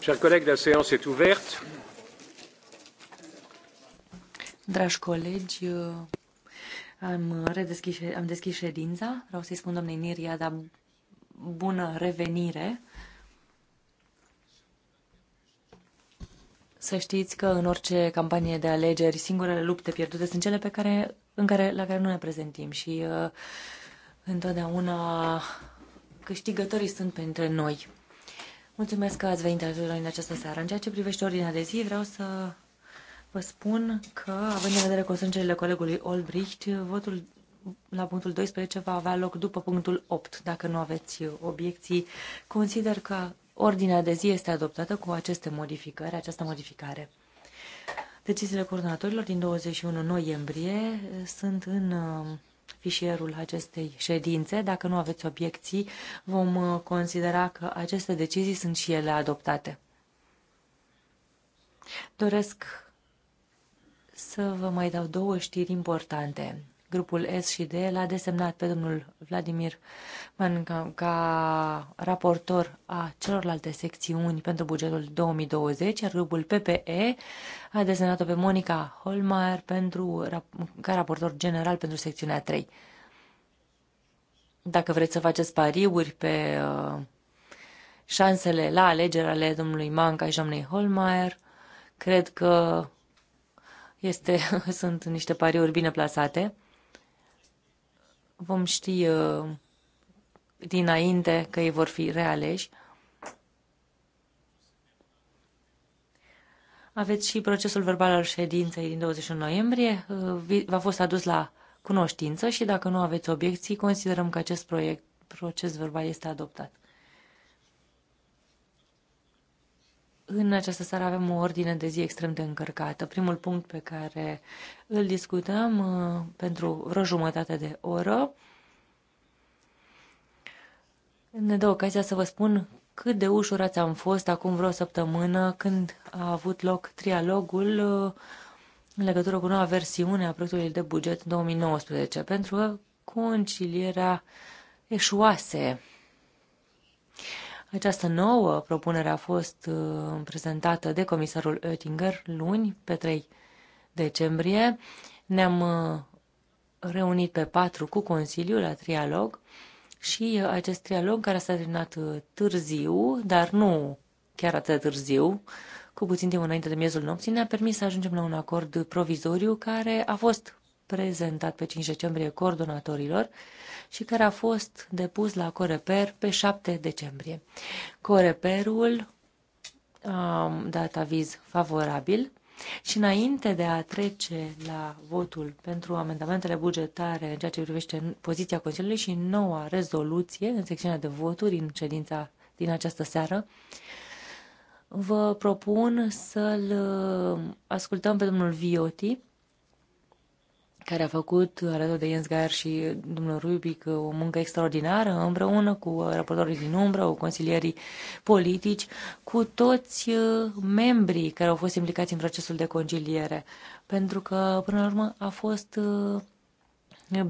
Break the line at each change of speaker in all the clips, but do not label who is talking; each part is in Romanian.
Chers collègues, la séance est ouverte.
Dragi colegi, am, redeschis, am deschis ședința. Vreau să-i spun doamnei dar bună revenire. Să știți că în orice campanie de alegeri, singurele lupte pierdute sunt cele pe care, în care, la care nu ne prezentim și uh, întotdeauna câștigătorii sunt printre noi. Mulțumesc că ați venit alături în această seară. În ceea ce privește ordinea de zi, vreau să vă spun că, având în vedere consângerile colegului Olbricht, votul la punctul 12 va avea loc după punctul 8. Dacă nu aveți obiecții, consider că ordinea de zi este adoptată cu aceste modificări, această modificare. Deciziile coordonatorilor din 21 noiembrie sunt în fișierul acestei ședințe. Dacă nu aveți obiecții, vom uh, considera că aceste decizii sunt și ele adoptate. Doresc să vă mai dau două știri importante grupul S și D l-a desemnat pe domnul Vladimir Manca ca raportor a celorlalte secțiuni pentru bugetul 2020, iar grupul PPE a desemnat-o pe Monica Holmeier pentru, ca raportor general pentru secțiunea 3. Dacă vreți să faceți pariuri pe uh, șansele la alegeri ale domnului Manca și domnului Holmeier, cred că este, sunt niște pariuri bine plasate vom ști uh, dinainte că ei vor fi realeși. Aveți și procesul verbal al ședinței din 21 noiembrie. Uh, v-a fost adus la cunoștință și dacă nu aveți obiecții, considerăm că acest proiect, proces verbal este adoptat. În această seară avem o ordine de zi extrem de încărcată. Primul punct pe care îl discutăm uh, pentru vreo jumătate de oră ne dă ocazia să vă spun cât de ușurați am fost acum vreo săptămână când a avut loc trialogul uh, în legătură cu noua versiune a proiectului de buget 2019 pentru concilierea eșuase această nouă propunere a fost uh, prezentată de comisarul Oettinger luni, pe 3 decembrie. Ne-am uh, reunit pe patru cu Consiliul la trialog și uh, acest trialog care s-a terminat târziu, dar nu chiar atât de târziu, cu puțin timp înainte de miezul nopții, ne-a permis să ajungem la un acord provizoriu care a fost prezentat pe 5 decembrie coordonatorilor și care a fost depus la Coreper pe 7 decembrie. Coreperul a dat aviz favorabil și înainte de a trece la votul pentru amendamentele bugetare în ceea ce privește poziția Consiliului și noua rezoluție în secțiunea de voturi în ședința din această seară, vă propun să-l ascultăm pe domnul Vioti, care a făcut, alături de Jens Gaier și domnul Rubic, o muncă extraordinară, împreună cu raportorii din umbră, cu consilierii politici, cu toți uh, membrii care au fost implicați în procesul de conciliere. Pentru că, până la urmă, a fost uh,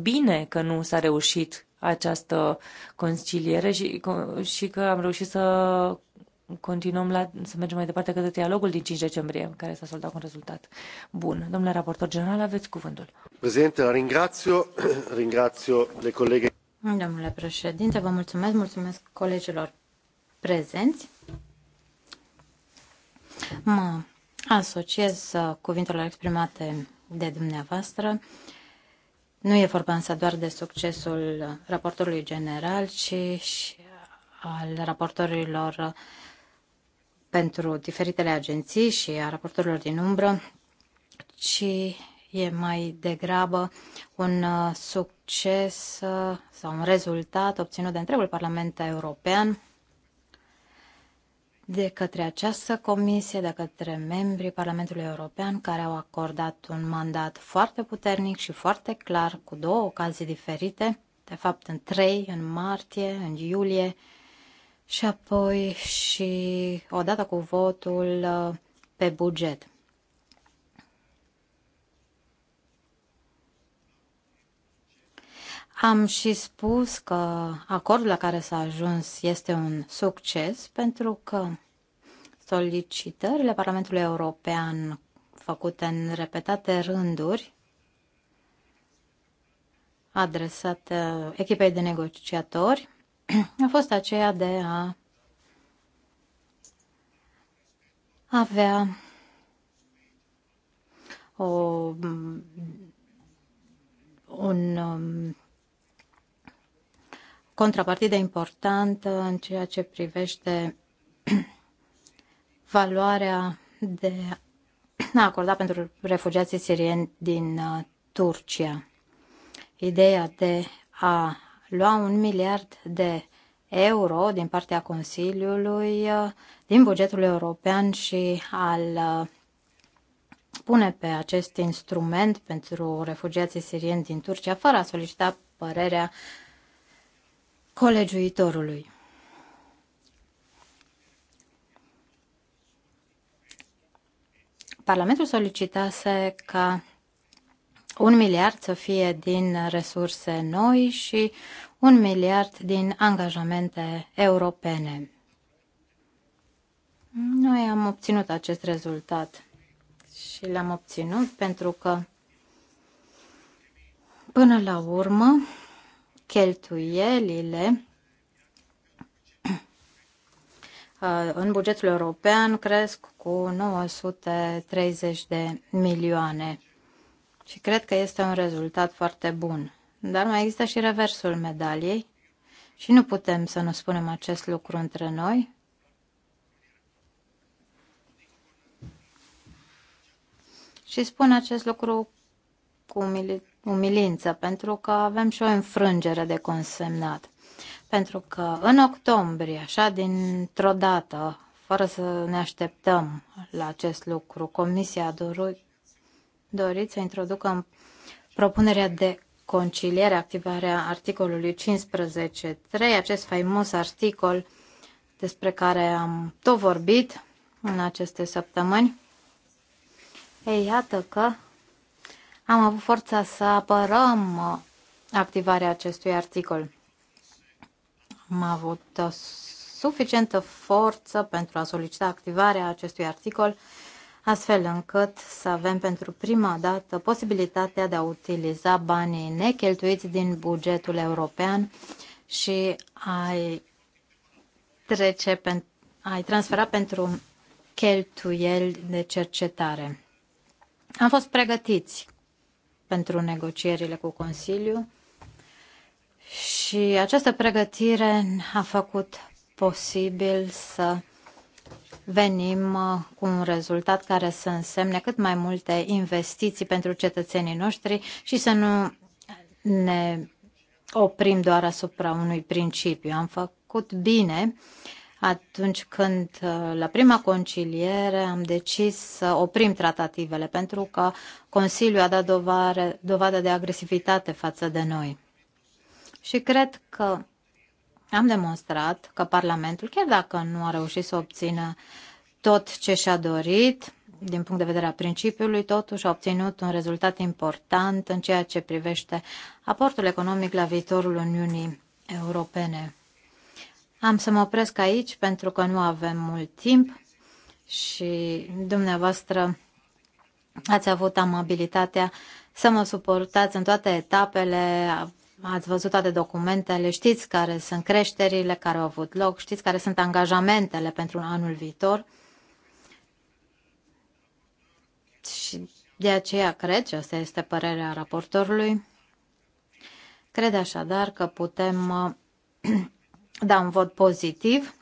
bine că nu s-a reușit această conciliere și, și că am reușit să continuăm la, să mergem mai departe către dialogul din 5 decembrie, care s-a soldat cu un rezultat
bun. Domnule raportor general, aveți cuvântul.
Președinte, ringrazio, ringrazio le colegi.
Domnule președinte, vă mulțumesc, mulțumesc colegilor prezenți. Mă asociez uh, cuvintelor exprimate de dumneavoastră. Nu e vorba însă doar de succesul raportorului general, ci și al raportorilor pentru diferitele agenții și a raportorilor din umbră, ci e mai degrabă un uh, succes uh, sau un rezultat obținut de întregul Parlament European de către această comisie, de către membrii Parlamentului European, care au acordat un mandat foarte puternic și foarte clar, cu două ocazii diferite, de fapt în 3, în martie, în iulie și apoi și odată cu votul uh, pe buget. Am și spus că acordul la care s-a ajuns este un succes pentru că solicitările Parlamentului European făcute în repetate rânduri adresate echipei de negociatori a fost aceea de a avea o, un um, contrapartidă importantă în ceea ce privește valoarea de a acorda pentru refugiații sirieni din uh, Turcia. Ideea de a lua un miliard de euro din partea Consiliului, uh, din bugetul european și al uh, pune pe acest instrument pentru refugiații sirieni din Turcia fără a solicita părerea colegiuitorului. Parlamentul solicitase ca un miliard să fie din resurse noi și un miliard din angajamente europene. Noi am obținut acest rezultat și l-am obținut pentru că până la urmă cheltuielile uh, în bugetul european cresc cu 930 de milioane. Și cred că este un rezultat foarte bun. Dar mai există și reversul medaliei și nu putem să nu spunem acest lucru între noi. Și spun acest lucru cu umilință, pentru că avem și o înfrângere de consemnat. Pentru că în octombrie, așa dintr-o dată, fără să ne așteptăm la acest lucru, Comisia a dorit Doriți să introducă în propunerea de conciliere activarea articolului 15.3, acest faimos articol despre care am tot vorbit în aceste săptămâni. Ei, iată că am avut forța să apărăm uh, activarea acestui articol. Am avut uh, suficientă forță pentru a solicita activarea acestui articol astfel încât să avem pentru prima dată posibilitatea de a utiliza banii necheltuiți din bugetul european și a-i trece, a transfera pentru cheltuieli de cercetare. Am fost pregătiți pentru negocierile cu Consiliu și această pregătire a făcut posibil să venim uh, cu un rezultat care să însemne cât mai multe investiții pentru cetățenii noștri și să nu ne oprim doar asupra unui principiu. Am făcut bine atunci când uh, la prima conciliere am decis să oprim tratativele pentru că Consiliul a dat dovadă de agresivitate față de noi. Și cred că am demonstrat că Parlamentul, chiar dacă nu a reușit să obțină tot ce și-a dorit, din punct de vedere a principiului, totuși a obținut un rezultat important în ceea ce privește aportul economic la viitorul Uniunii Europene. Am să mă opresc aici pentru că nu avem mult timp și dumneavoastră ați avut amabilitatea să mă suportați în toate etapele Ați văzut toate documentele, știți care sunt creșterile care au avut loc, știți care sunt angajamentele pentru anul viitor. Și de aceea cred, și asta este părerea raportorului, cred așadar că putem uh, da un vot pozitiv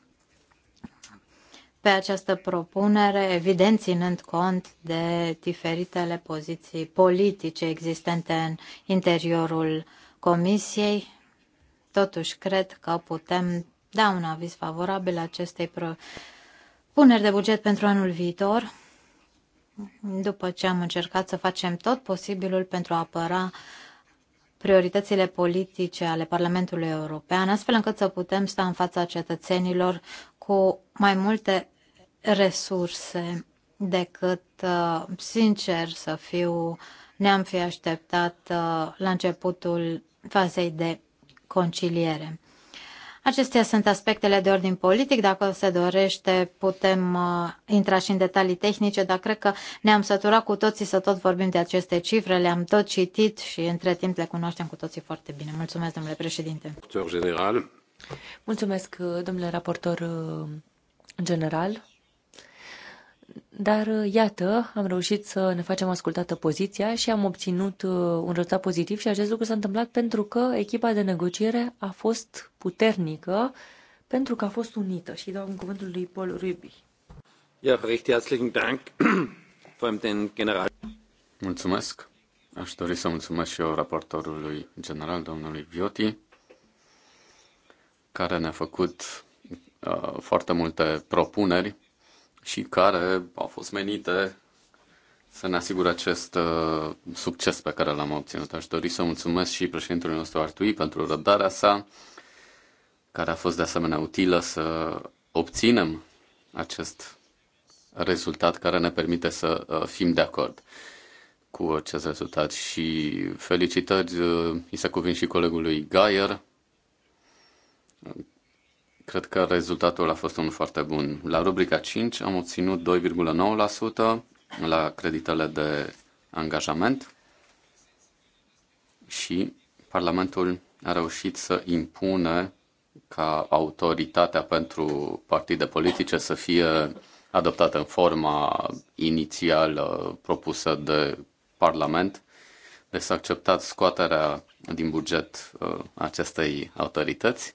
pe această propunere, evident ținând cont de diferitele poziții politice existente în interiorul Comisiei. Totuși, cred că putem da un aviz favorabil acestei puneri de buget pentru anul viitor, după ce am încercat să facem tot posibilul pentru a apăra prioritățile politice ale Parlamentului European, astfel încât să putem sta în fața cetățenilor cu mai multe resurse decât, uh, sincer să fiu, ne-am fi așteptat uh, la începutul fazei de conciliere. Acestea sunt aspectele de ordin politic. Dacă se dorește, putem uh, intra și în detalii tehnice, dar cred că ne-am săturat cu toții să tot vorbim de aceste cifre, le-am tot citit și între timp le cunoaștem cu toții foarte bine. Mulțumesc, domnule președinte.
General.
Mulțumesc, domnule raportor uh,
general. Dar, uh, iată, am reușit să ne facem ascultată poziția și am obținut uh, un rezultat pozitiv și acest lucru s-a întâmplat pentru că echipa de negociere a fost puternică, pentru că a fost unită. Și dau un cuvântul lui Paul Ruby.
Ja, recht herzlichen Dank, vor allem den General.
Mulțumesc. Aș dori să mulțumesc și eu raportorului general, domnului Vioti, care ne-a făcut uh, foarte multe propuneri și care au fost menite să ne asigure acest uh, succes pe care l-am obținut. Aș dori să mulțumesc și președintelui nostru Artui pentru răbdarea sa, care a fost de asemenea utilă să obținem acest rezultat care ne permite să uh, fim de acord cu acest rezultat. Și felicitări uh, îi se cuvin și colegului Gaier, Cred că rezultatul a fost unul foarte bun. La rubrica 5 am obținut 2,9% la creditele de angajament și Parlamentul a reușit să impune ca autoritatea pentru partide politice să fie adoptată în forma inițială propusă de Parlament. Deci s-a acceptat scoaterea din buget uh, acestei autorități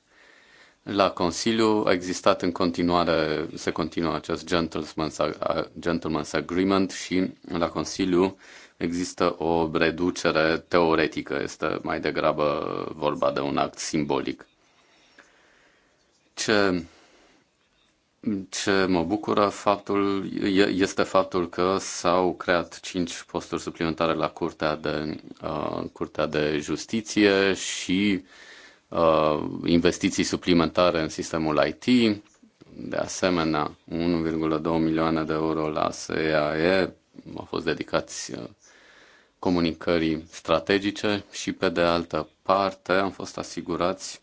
la Consiliu a existat în continuare, se continuă acest gentleman's, gentleman's agreement și la Consiliu există o reducere teoretică, este mai degrabă vorba de un act simbolic. Ce, ce mă bucură faptul, este faptul că s-au creat cinci posturi suplimentare la Curtea de, uh, Curtea de Justiție și uh, Uh, investiții suplimentare în sistemul IT, de asemenea 1,2 milioane de euro la SEAE au fost dedicați uh, comunicării strategice și pe de altă parte am fost asigurați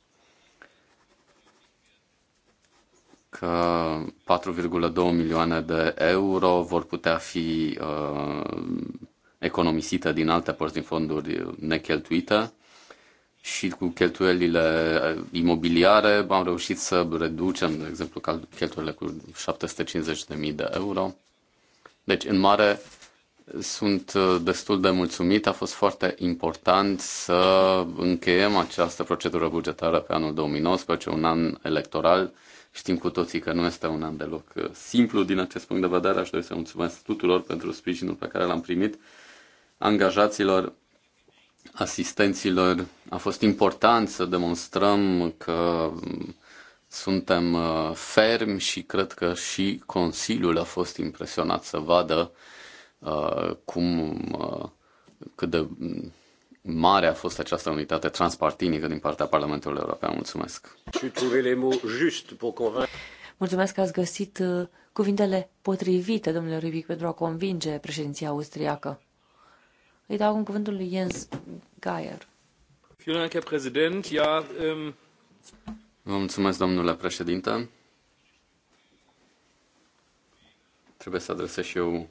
că 4,2 milioane de euro vor putea fi uh, economisite din alte părți din fonduri necheltuite și cu cheltuielile uh, imobiliare am reușit să reducem, de exemplu, cheltuielile cu 750.000 de euro. Deci, în mare, sunt uh, destul de mulțumit. A fost foarte important să încheiem această procedură bugetară pe anul 2019, un an electoral. Știm cu toții că nu este un an deloc uh, simplu din acest punct de vedere. Aș dori să mulțumesc tuturor pentru sprijinul pe care l-am primit, angajaților, asistenților a fost important să demonstrăm că suntem uh, fermi și cred că și Consiliul a fost impresionat să vadă uh, cum uh, cât de mare a fost această unitate transpartinică din partea Parlamentului European. Mulțumesc!
Mulțumesc că ați găsit cuvintele potrivite, domnule Rubic, pentru a convinge președinția austriacă. Îi dau un cuvântul lui Jens Geier.
Ähm,
Vă mulțumesc, domnule președinte. Trebuie să adresez și eu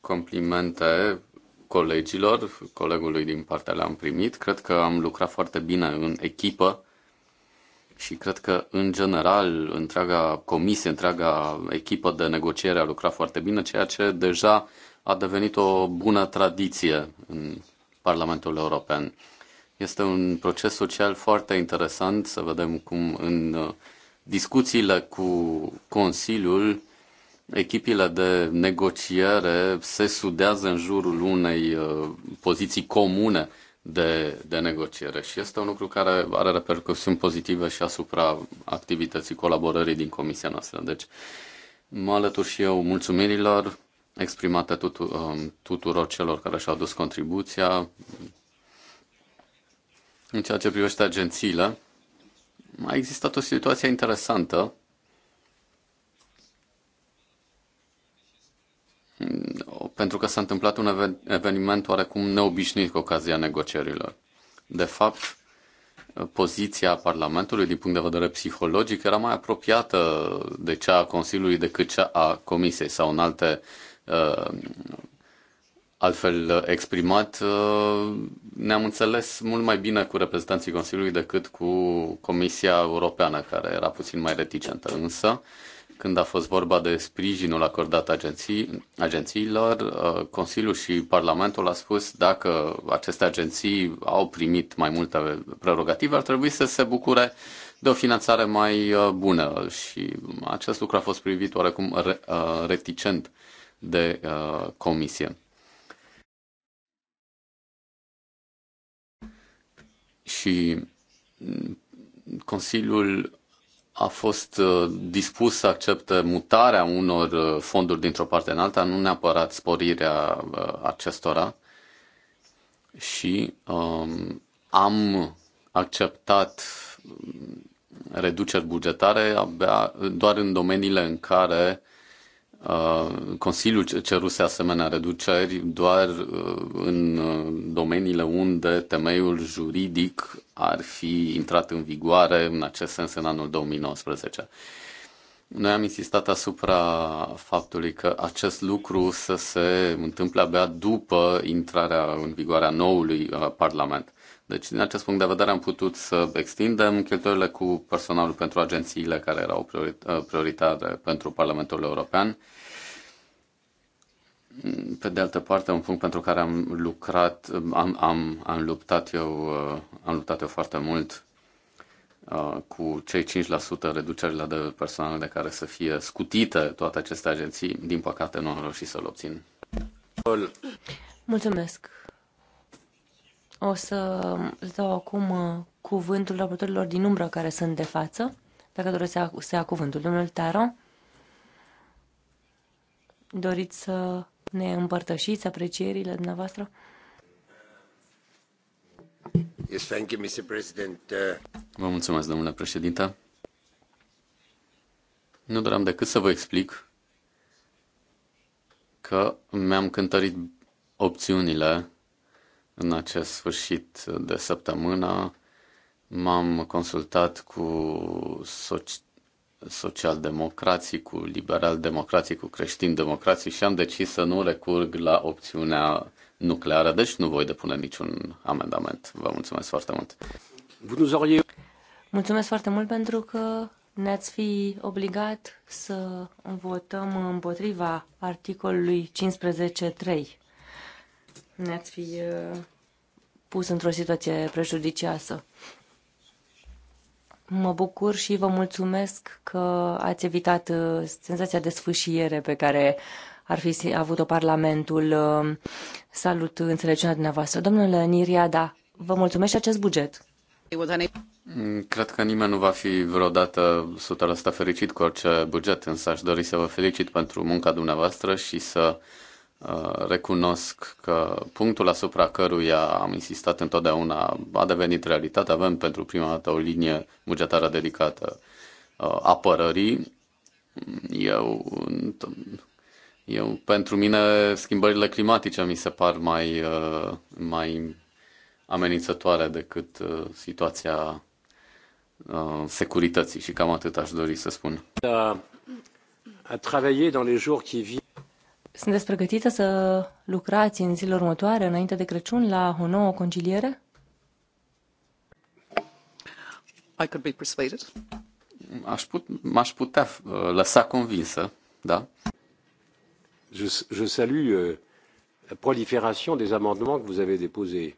complimente colegilor, colegului din partea le-am primit. Cred că am lucrat foarte bine în echipă și cred că, în general, întreaga comisie, întreaga echipă de negociere a lucrat foarte bine, ceea ce deja a devenit o bună tradiție în Parlamentul European. Este un proces social foarte interesant să vedem cum în uh, discuțiile cu Consiliul echipile de negociere se sudează în jurul unei uh, poziții comune de, de negociere și este un lucru care are repercusiuni pozitive și asupra activității colaborării din comisia noastră. Deci mă alătur și eu mulțumirilor exprimate tutu- um, tuturor celor care și-au dus contribuția. În ceea ce privește agențiile, a existat o situație interesantă. Pentru că s-a întâmplat un eveniment oarecum neobișnuit cu ocazia negocierilor. De fapt, poziția Parlamentului din punct de vedere psihologic era mai apropiată de cea a Consiliului decât cea a Comisiei sau în alte uh, Uh, altfel exprimat, uh, ne-am înțeles mult mai bine cu reprezentanții Consiliului decât cu Comisia Europeană, care era puțin mai reticentă. Însă, când a fost vorba de sprijinul acordat agenții, agențiilor, uh, Consiliul și Parlamentul a spus dacă aceste agenții au primit mai multe prerogative, ar trebui să se bucure de o finanțare mai bună și acest lucru a fost privit oarecum reticent de uh, comisie. Și mm, Consiliul a fost uh, dispus să accepte mutarea unor uh, fonduri dintr-o parte în alta, nu neapărat sporirea uh, acestora. Și um, am acceptat mm, reduceri bugetare abia doar în domeniile în care Uh, Consiliul ceruse asemenea reduceri doar uh, în uh, domeniile unde temeiul juridic ar fi intrat în vigoare în acest sens în anul 2019. Noi am insistat asupra faptului că acest lucru să se întâmple abia după intrarea în vigoare a noului Parlament. Deci, din acest punct de vedere, am putut să extindem cheltuielile cu personalul pentru agențiile care erau uh, prioritare pentru Parlamentul European. Pe de altă parte, un punct pentru care am lucrat, am, am, am luptat eu, uh, am luptat eu foarte mult uh, cu cei 5% reducerile de personal de care să fie scutite toate aceste agenții, din păcate nu am reușit să-l obțin.
Mulțumesc! O să dau acum uh, cuvântul raportorilor din umbră care sunt de față, dacă doresc să ia, să ia cuvântul. Domnul Taro, doriți să ne împărtășiți aprecierile dumneavoastră?
Yes, thank you, Mr. President. Uh,
vă mulțumesc, domnule președinte. Nu doream decât să vă explic că mi-am cântărit opțiunile în acest sfârșit de săptămână m-am consultat cu soci- social-democrații, cu liberal-democrații, cu creștin-democrații și am decis să nu recurg la opțiunea nucleară, deci nu voi depune niciun amendament. Vă mulțumesc foarte mult.
Mulțumesc foarte mult pentru că ne-ați fi obligat să votăm împotriva articolului 15.3 ne-ați fi uh, pus într-o situație prejudicioasă. Mă bucur și vă mulțumesc că ați evitat uh, senzația de sfâșiere pe care ar fi avut-o Parlamentul. Uh, salut înțelepciunea dumneavoastră. Domnule Niriada, vă mulțumesc și acest buget.
Cred că nimeni nu va fi vreodată 100% fericit cu orice buget, însă aș dori să vă felicit pentru munca dumneavoastră și să Uh, recunosc că punctul asupra căruia am insistat întotdeauna a devenit realitate. Avem pentru prima dată o linie bugetară dedicată uh, apărării. Eu, eu, pentru mine, schimbările climatice mi se par mai, uh, mai amenințătoare decât situația securității și cam atât aș dori să spun. A, a
dans les jours qui
sunteți pregătită să lucrați în zilele următoare, înainte de Crăciun, la o nouă conciliere?
I could be persuaded. Aș put, m-aș putea uh, lăsa convinsă,
da. Je, je salut uh, la prolifération des amendements que vous avez déposés.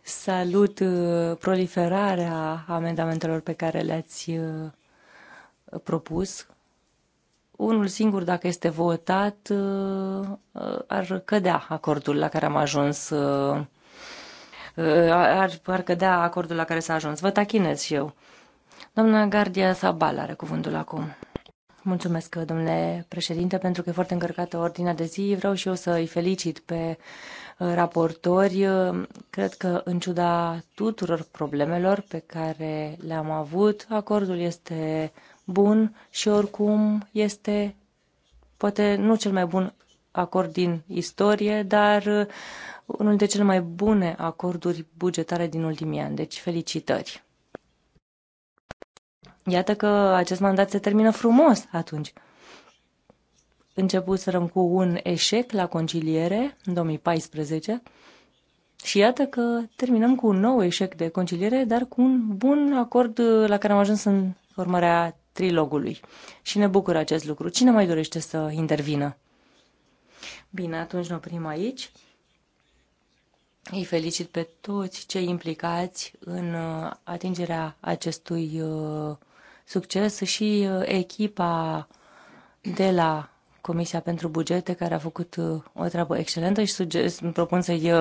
Salut uh, proliferarea amendamentelor pe care le-ați uh, propus unul singur, dacă este votat, uh, ar cădea acordul la care am ajuns. Uh, uh, ar, ar cădea acordul la care s-a ajuns. Vă tachinez și eu. Doamna Gardia Sabal are cuvântul acum. Mulțumesc, domnule președinte, pentru că e foarte încărcată ordinea de zi. Vreau și eu să îi felicit pe raportori. Cred că, în ciuda tuturor problemelor pe care le-am avut, acordul este bun și oricum este poate nu cel mai bun acord din istorie, dar unul dintre cele mai bune acorduri bugetare din ultimii ani. Deci felicitări! Iată că acest mandat se termină frumos atunci. Începuserăm cu un eșec la conciliere în 2014 și iată că terminăm cu un nou eșec de conciliere, dar cu un bun acord la care am ajuns în formarea trilogului. Și ne bucură acest lucru. Cine mai dorește să intervină? Bine, atunci ne oprim aici. Îi felicit pe toți cei implicați în uh, atingerea acestui uh, succes și uh, echipa de la Comisia pentru Bugete, care a făcut o treabă excelentă și suge- propun să-i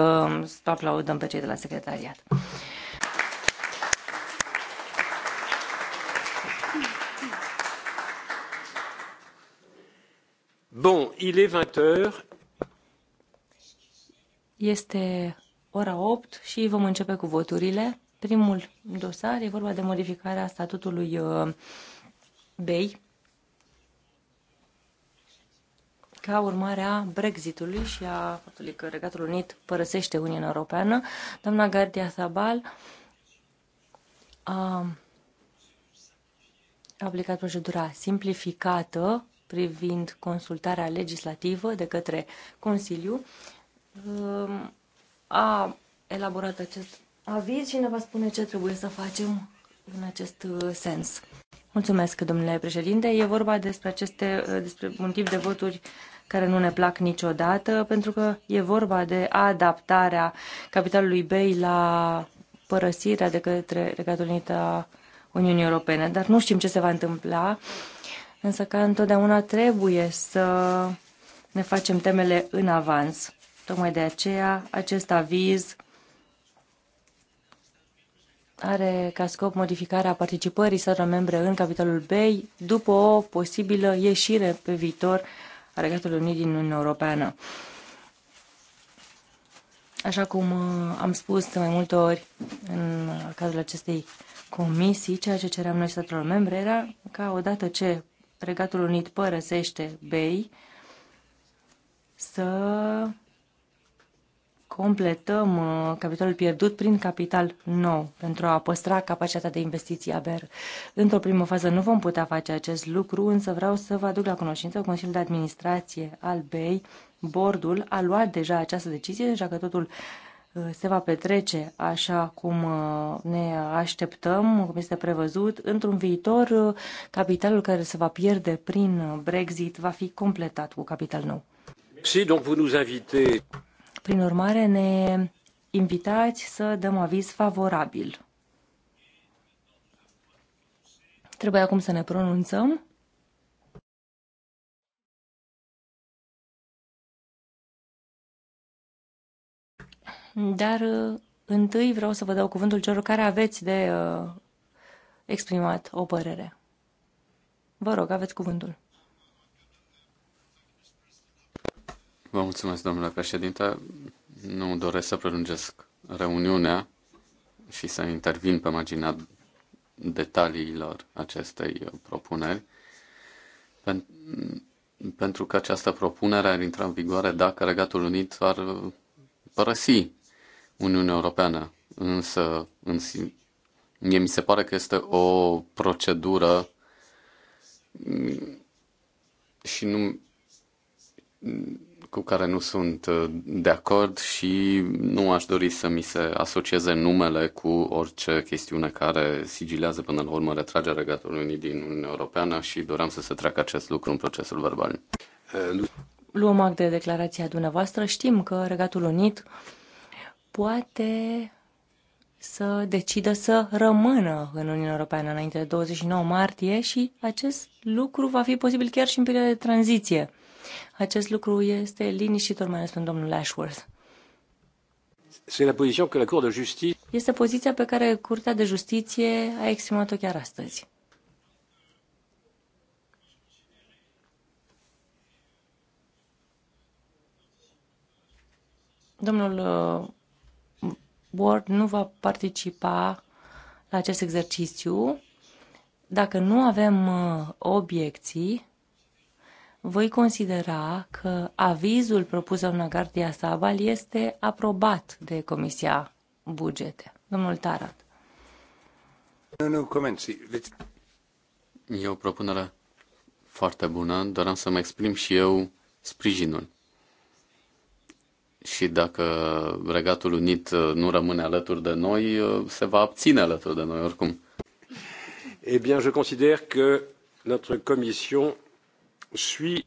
aplaudăm pe cei de la secretariat.
Bon, il est 20 heures.
Este ora 8 și vom începe cu voturile. Primul dosar e vorba de modificarea statutului uh, BEI ca urmare a Brexitului și a faptului că Regatul Unit părăsește Uniunea Europeană. Doamna Gardia Sabal a aplicat procedura simplificată privind consultarea legislativă de către Consiliu ehm, a elaborat acest aviz și ne va spune ce trebuie să facem în acest uh, sens. Mulțumesc, domnule președinte. E vorba despre, aceste, uh, despre un tip de voturi care nu ne plac niciodată, pentru că e vorba de adaptarea capitalului BEI la părăsirea de către Regatul Unită a Uniunii Europene, dar nu știm ce se va întâmpla. Uh, însă ca întotdeauna trebuie să ne facem temele în avans. Tocmai de aceea acest aviz are ca scop modificarea participării statelor membre în Capitolul BEI după o posibilă ieșire pe viitor a Regatului Unit din Uniunea Europeană. Așa cum uh, am spus de mai multe ori în cazul acestei comisii, ceea ce ceream noi statelor membre era ca odată ce Regatul Unit părăsește Bay să completăm uh, capitalul pierdut prin capital nou pentru a păstra capacitatea de investiții a BER. Într-o primă fază nu vom putea face acest lucru, însă vreau să vă aduc la cunoștință Consiliul de Administrație al BEI. Bordul a luat deja această decizie, deja că totul Uh, se va petrece așa cum uh, ne așteptăm, cum este prevăzut. Într-un viitor, uh, capitalul care se va pierde prin Brexit va fi completat cu capital nou.
Si, donc vous nous invitez.
Prin urmare, ne invitați să dăm aviz favorabil.
Trebuie acum să ne pronunțăm.
dar uh, întâi vreau să vă dau cuvântul celor care aveți de uh, exprimat o părere. Vă rog, aveți cuvântul.
Vă mulțumesc, domnule președinte. Nu doresc să prelungesc reuniunea și să intervin pe marginea detaliilor acestei propuneri, pentru că această propunere ar intra în vigoare dacă Regatul Unit ar părăsi Uniunea Europeană, însă în, mie mi se pare că este o procedură și nu cu care nu sunt uh, de acord și nu aș dori să mi se asocieze numele cu orice chestiune care sigilează până la urmă retragerea Regatului din Uniunea Europeană și doream să se treacă acest lucru în procesul verbal.
Luăm act de declarația dumneavoastră. Știm că Regatul Unit poate să decidă să rămână în Uniunea Europeană înainte de 29 martie și acest lucru va fi posibil chiar și în perioada de tranziție. Acest lucru este liniștitor, mai ales pentru domnul Ashworth. Este poziția pe care Curtea de Justiție a exprimat-o chiar astăzi. Domnul uh, Board nu va participa la acest exercițiu. Dacă nu avem uh, obiecții, voi considera că avizul propus doamna Gardia Sabal este aprobat de Comisia Bugete. Domnul Tarat.
Nu,
nu, comenzi.
E o propunere foarte bună. am să-mi exprim și eu sprijinul și dacă Regatul Unit uh, nu rămâne alături de noi, uh, se va abține alături de noi oricum.
Eh bien, je considère que notre commission suit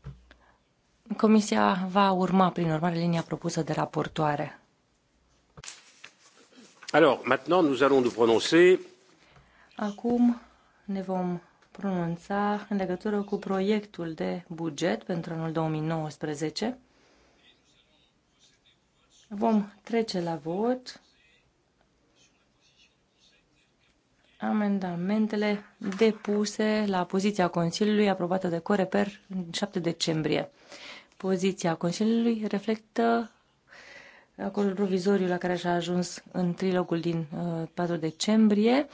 Comisia va urma, prin urmare, linia propusă de raportoare.
Alors, maintenant, nous allons nous prononcer.
Acum ne vom pronunța în legătură cu proiectul de buget pentru anul 2019. Vom trece la vot. Amendamentele depuse la poziția Consiliului aprobată de Coreper în 7 decembrie. Poziția Consiliului reflectă acordul provizoriu la care și-a ajuns în trilogul din 4 uh, decembrie.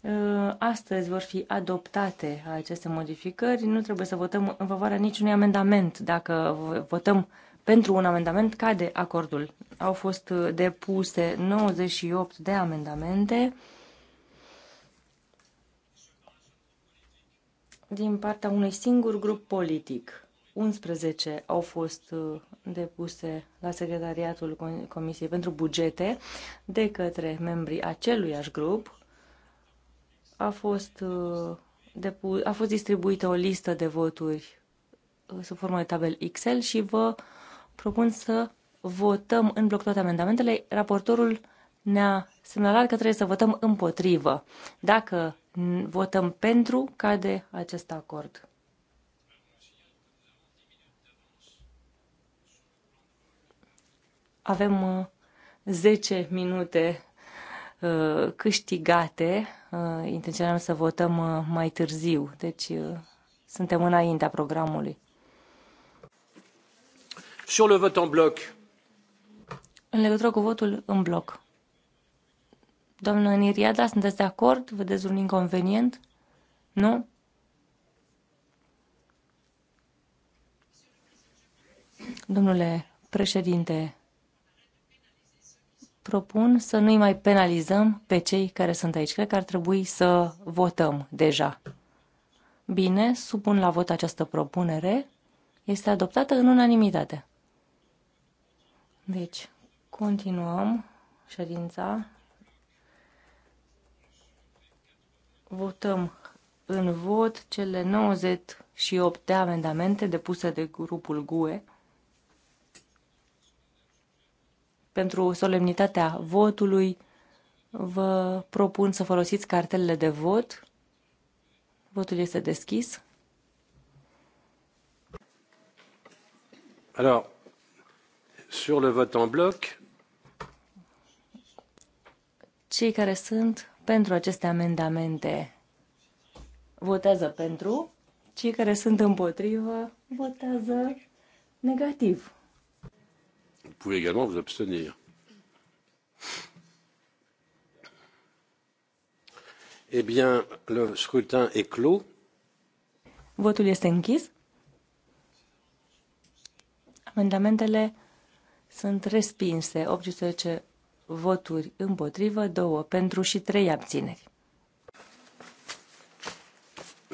Uh, astăzi vor fi adoptate aceste modificări. Nu trebuie să votăm în favoarea niciunui amendament. Dacă votăm pentru un amendament cade acordul. Au fost uh, depuse 98 de amendamente din partea unui singur grup politic. 11 au fost uh, depuse la Secretariatul Comisiei pentru Bugete de către membrii aceluiași grup. A fost, uh, a fost distribuită o listă de voturi sub formă de tabel Excel și vă uh, propun să votăm în bloc toate amendamentele. Raportorul ne-a semnalat că trebuie să votăm împotrivă. Dacă votăm pentru, cade acest acord. Avem 10 uh, minute uh, câștigate. Uh, intenționăm să votăm mai târziu, deci suntem înaintea programului.
Sur le vote en bloc.
În legătură cu votul în bloc. Doamnă Niriada, sunteți de acord? Vedeți un inconvenient? Nu? Domnule președinte, propun să nu-i mai penalizăm pe cei care sunt aici. Cred că ar trebui să votăm deja. Bine, supun la vot această propunere. Este adoptată în unanimitate. Deci, continuăm ședința. Votăm în vot cele 98 de amendamente depuse de grupul GUE pentru solemnitatea votului vă propun să folosiți cartelele de vot. Votul este deschis.
Alors, Sur le vote en bloc.
Cei care sunt pentru aceste amendamente votează pentru, cei care sunt împotrivă votează negativ.
Vous pouvez également vous abstenir. Eh bien, le scrutin est clos.
Votul este închis. Amendamentele sunt respinse 18 voturi împotrivă, 2 pentru și 3 abțineri.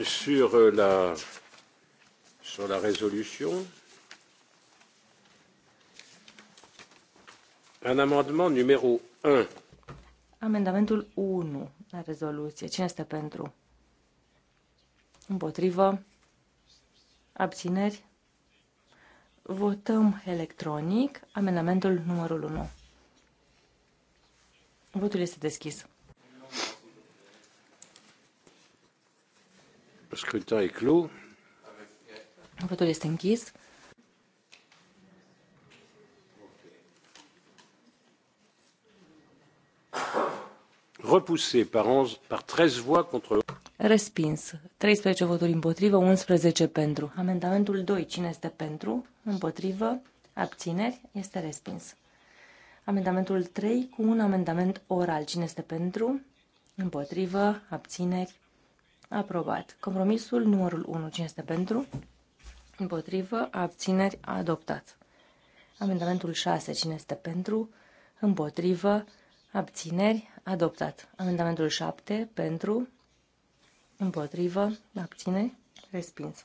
Sur la, sur la résolution, un amendement numéro 1.
Amendamentul 1 la rezoluție. Cine este pentru? Împotrivă? Abțineri? Votăm electronic amendamentul numărul 1. Votul este deschis.
Scrutin e clos.
Votul este închis.
Repoussé par 11 par 13 voix contre
Respins. 13 voturi împotrivă, 11 pentru. Amendamentul 2. Cine este pentru? Împotrivă. Abțineri. Este respins. Amendamentul 3 cu un amendament oral. Cine este pentru? Împotrivă. Abțineri. Aprobat. Compromisul numărul 1. Cine este pentru? Împotrivă. Abțineri. Adoptat. Amendamentul 6. Cine este pentru? Împotrivă. Abțineri. Adoptat. Amendamentul 7. Pentru. Împotrivă. abține, Respins.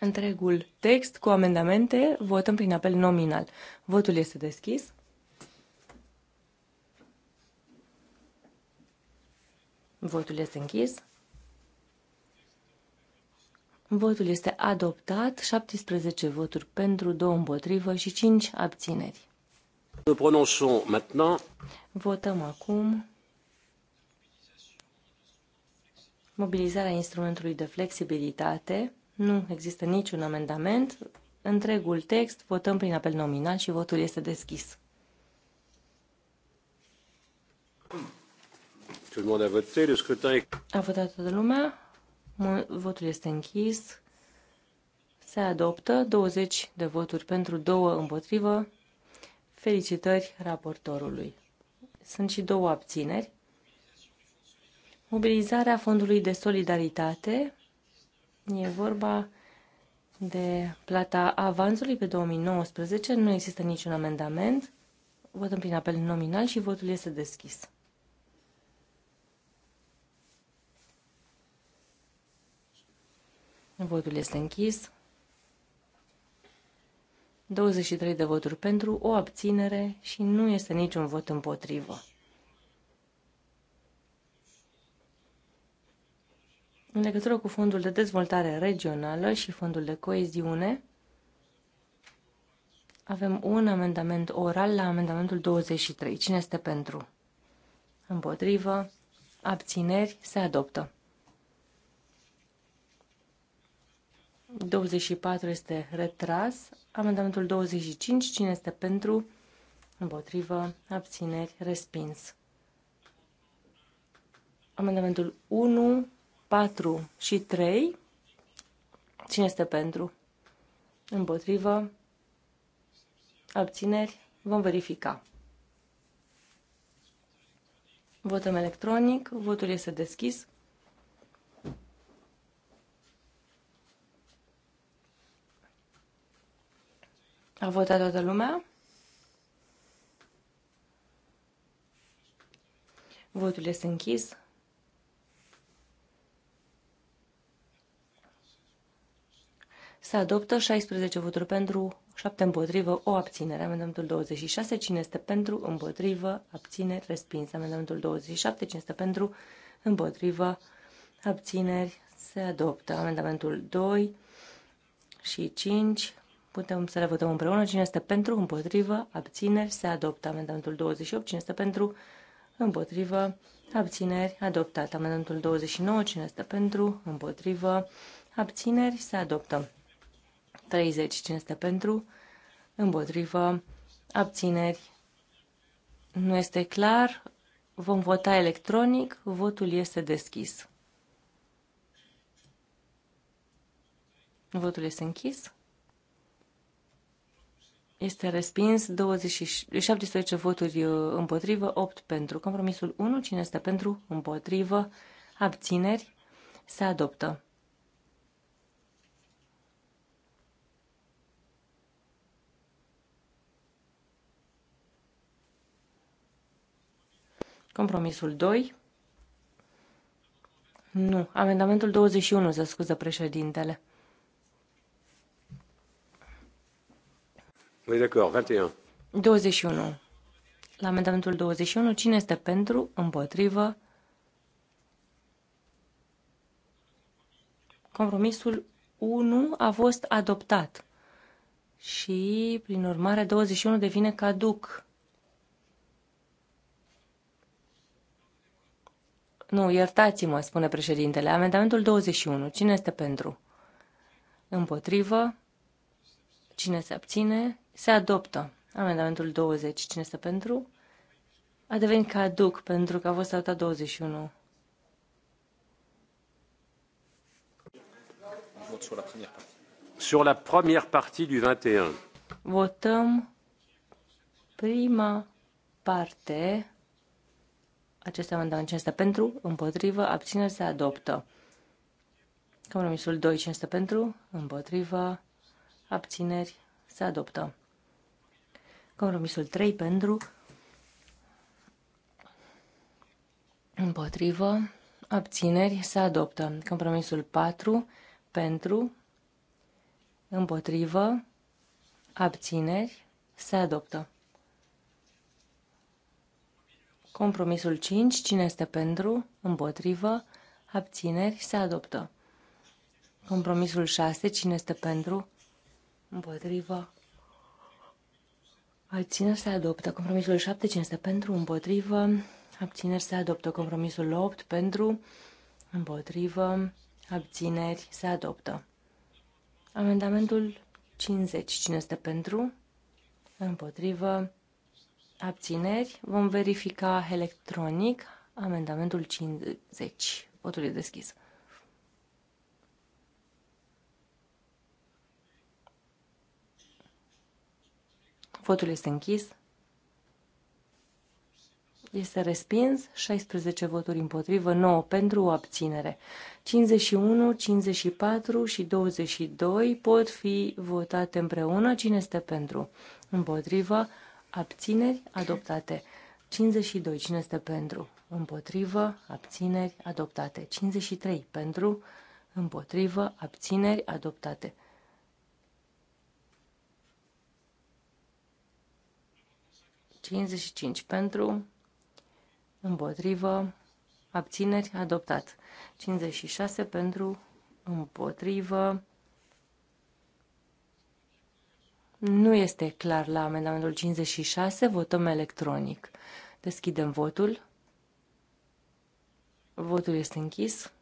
Întregul text cu amendamente votăm prin apel nominal. Votul este deschis. Votul este închis. Votul este adoptat, 17 voturi pentru, 2 împotrivă și 5 abțineri. Votăm acum mobilizarea instrumentului de flexibilitate. Nu există niciun amendament. Întregul text votăm prin apel nominal și votul este deschis.
a scrutin
A votat toată lumea, votul este închis, se adoptă 20 de voturi pentru, două împotrivă. Felicitări raportorului. Sunt și două abțineri. Mobilizarea Fondului de Solidaritate e vorba de plata avansului pe 2019. Nu există niciun amendament. Votăm prin apel nominal și votul este deschis. Votul este închis. 23 de voturi pentru, o abținere și nu este niciun vot împotrivă. În legătură cu Fondul de Dezvoltare Regională și Fondul de Coeziune, avem un amendament oral la amendamentul 23. Cine este pentru? Împotrivă? Abțineri? Se adoptă. 24 este retras. Amendamentul 25. Cine este pentru? Împotrivă? Abțineri? Respins. Amendamentul 1 4 și 3. Cine este pentru? Împotrivă? Abțineri? Vom verifica. Votăm electronic. Votul este deschis. A votat toată lumea? Votul este închis. Se adoptă 16 voturi pentru, 7 împotrivă, o abținere. Amendamentul 26, cine este pentru, împotrivă, abțineri, respins. Amendamentul 27, cine este pentru, împotrivă, abțineri, se adoptă. Amendamentul 2 și 5, putem să le votăm împreună. Cine este pentru, împotrivă, abțineri, se adoptă. Amendamentul 28, cine este pentru, împotrivă, abțineri, adoptat. Amendamentul 29, cine este pentru, împotrivă, abțineri, se adoptă. 30. Cine pentru? Împotrivă. Abțineri. Nu este clar. Vom vota electronic. Votul este deschis. Votul este închis. Este respins 17 voturi uh, împotrivă, 8 pentru. Compromisul 1, cine este pentru, împotrivă, abțineri, se adoptă. Compromisul 2. Nu, amendamentul 21, se scuză președintele.
Oui, d'accord, 21.
21. La amendamentul 21, cine este pentru, împotrivă? Compromisul 1 a fost adoptat și, prin urmare, 21 devine caduc. Nu, iertați-mă, spune președintele. Amendamentul 21. Cine este pentru? Împotrivă. Cine se abține? Se adoptă. Amendamentul 20. Cine este pentru? A devenit caduc pentru că a fost adoptat 21.
Sur la première partie du 21.
Votăm prima parte acest amendament cine este pentru, împotrivă, abțineri se adoptă. Compromisul 2 cine pentru, împotrivă, abțineri se adoptă. Compromisul 3 pentru, împotrivă, abțineri se adoptă. Compromisul 4 pentru, împotrivă, abțineri se adoptă. Compromisul 5. Cine este pentru? Împotrivă? Abțineri? Se adoptă. Compromisul 6. Cine este pentru? Împotrivă? Abțineri? Se adoptă. Compromisul 7. Cine este pentru? Împotrivă? Abțineri? Se adoptă. Compromisul 8. Pentru? Împotrivă? Abțineri? Se adoptă. Amendamentul 50. Cine este pentru? Împotrivă? abțineri. Vom verifica electronic amendamentul 50. Votul e deschis. Votul este închis. Este respins, 16 voturi împotrivă, 9 pentru o abținere. 51, 54 și 22 pot fi votate împreună. Cine este pentru? Împotrivă, abțineri, adoptate. 52. Cine este pentru? Împotrivă, abțineri, adoptate. 53. Pentru, împotrivă, abțineri, adoptate. cinci pentru, împotrivă, abțineri, adoptat. 56 pentru, împotrivă, Nu este clar la amendamentul 56, votăm electronic. Deschidem votul. Votul este închis.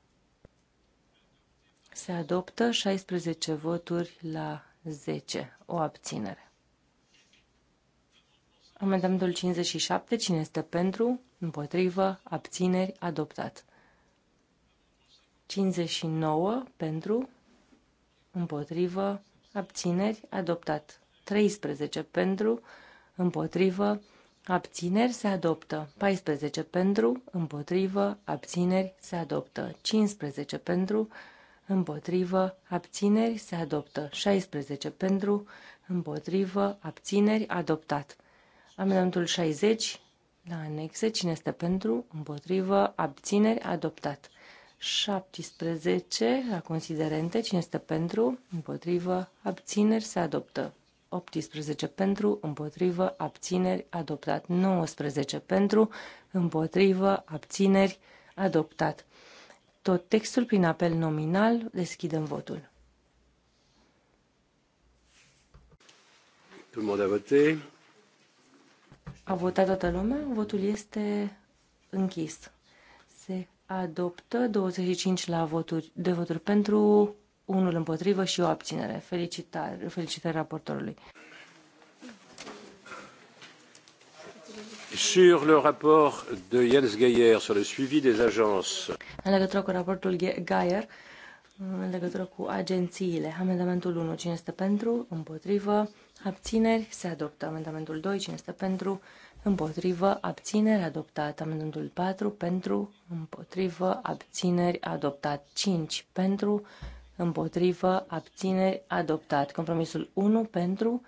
Se adoptă 16 voturi la 10. O abținere. Amendamentul 57. Cine este pentru? Împotrivă? Abțineri? Adoptat. 59 pentru? Împotrivă? Abțineri? Adoptat. 13 pentru, împotrivă, abțineri se adoptă. 14 pentru, împotrivă, abțineri se adoptă. 15 pentru, împotrivă, abțineri se adoptă. 16 pentru, împotrivă, abțineri adoptat. Amendamentul 60 la anexe, cine este pentru, împotrivă, abțineri adoptat. 17 la considerente, cine este pentru, împotrivă, abțineri se adoptă. 18 pentru, împotrivă, abțineri, adoptat. 19 pentru, împotrivă, abțineri, adoptat. Tot textul prin apel nominal, deschidem votul. a A votat toată lumea, votul este închis. Se adoptă 25 la voturi, de voturi pentru, unul împotrivă și o abținere. Felicitări, felicitări raportorului.
Sur le rapport de Jens Geier sur le suivi des agences.
În legătură cu raportul Geier, în legătură cu agențiile, amendamentul 1, cine este pentru, împotrivă, abțineri, se adoptă. Amendamentul 2, cine este pentru, împotrivă, abțineri, adoptat. Amendamentul 4, pentru, împotrivă, abțineri, adoptat. 5, pentru, împotrivă, abțineri, adoptat. Compromisul 1 pentru,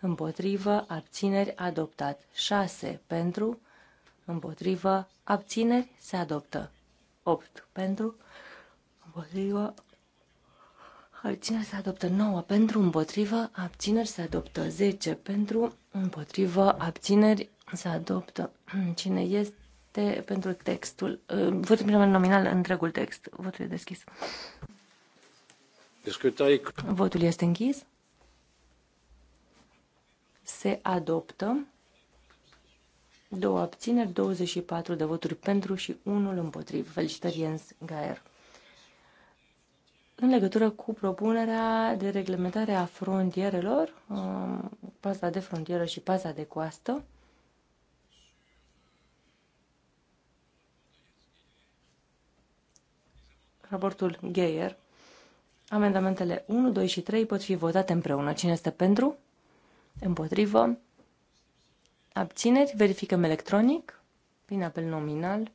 împotrivă, abțineri, adoptat. 6 pentru, împotrivă, abțineri, se adoptă. 8 pentru, împotrivă, abțineri, se adoptă. 9 pentru, împotrivă, abțineri, se adoptă. 10 pentru, împotrivă, abțineri, se adoptă. Cine este? de, pentru textul. uh, Votul prin nominal, întregul text. Votul e deschis. Votul este închis. Se adoptă două abțineri, 24 de voturi pentru și unul împotriv. Felicitări Jens Gaer. În legătură cu propunerea de reglementare a frontierelor, um, paza de frontieră și paza de coastă, raportul Geier, Amendamentele 1, 2 și 3 pot fi votate împreună. Cine este pentru? Împotrivă? Abțineri? Verificăm electronic prin apel nominal.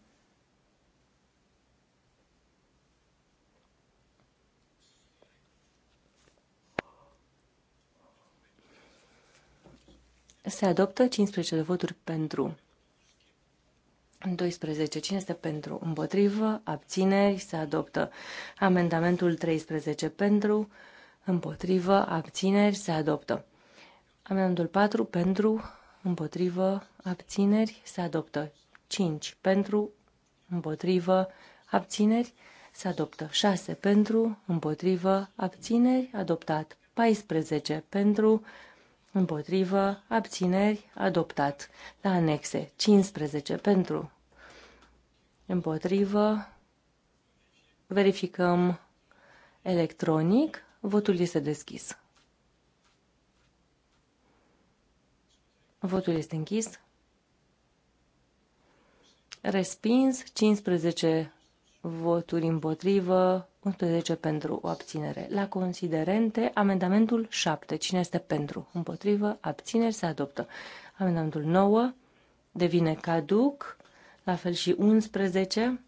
Se adoptă 15 de voturi pentru 12. Cine este pentru? Împotrivă. Abțineri. Se adoptă. Amendamentul 13. Pentru. Împotrivă. Abțineri. Se adoptă. Amendamentul 4. Pentru. Împotrivă. Abțineri. Se adoptă. 5. Pentru. Împotrivă. Abțineri. Se adoptă. 6. Pentru. Împotrivă. Abțineri. Adoptat. 14. Pentru. Împotrivă, abțineri, adoptat. La anexe, 15 pentru, împotrivă, verificăm electronic, votul este deschis. Votul este închis. Respins 15 voturi împotrivă, 11 pentru o abținere. La considerente, amendamentul 7. Cine este pentru? Împotrivă, abțineri, se adoptă. Amendamentul 9 devine caduc la fel și 11.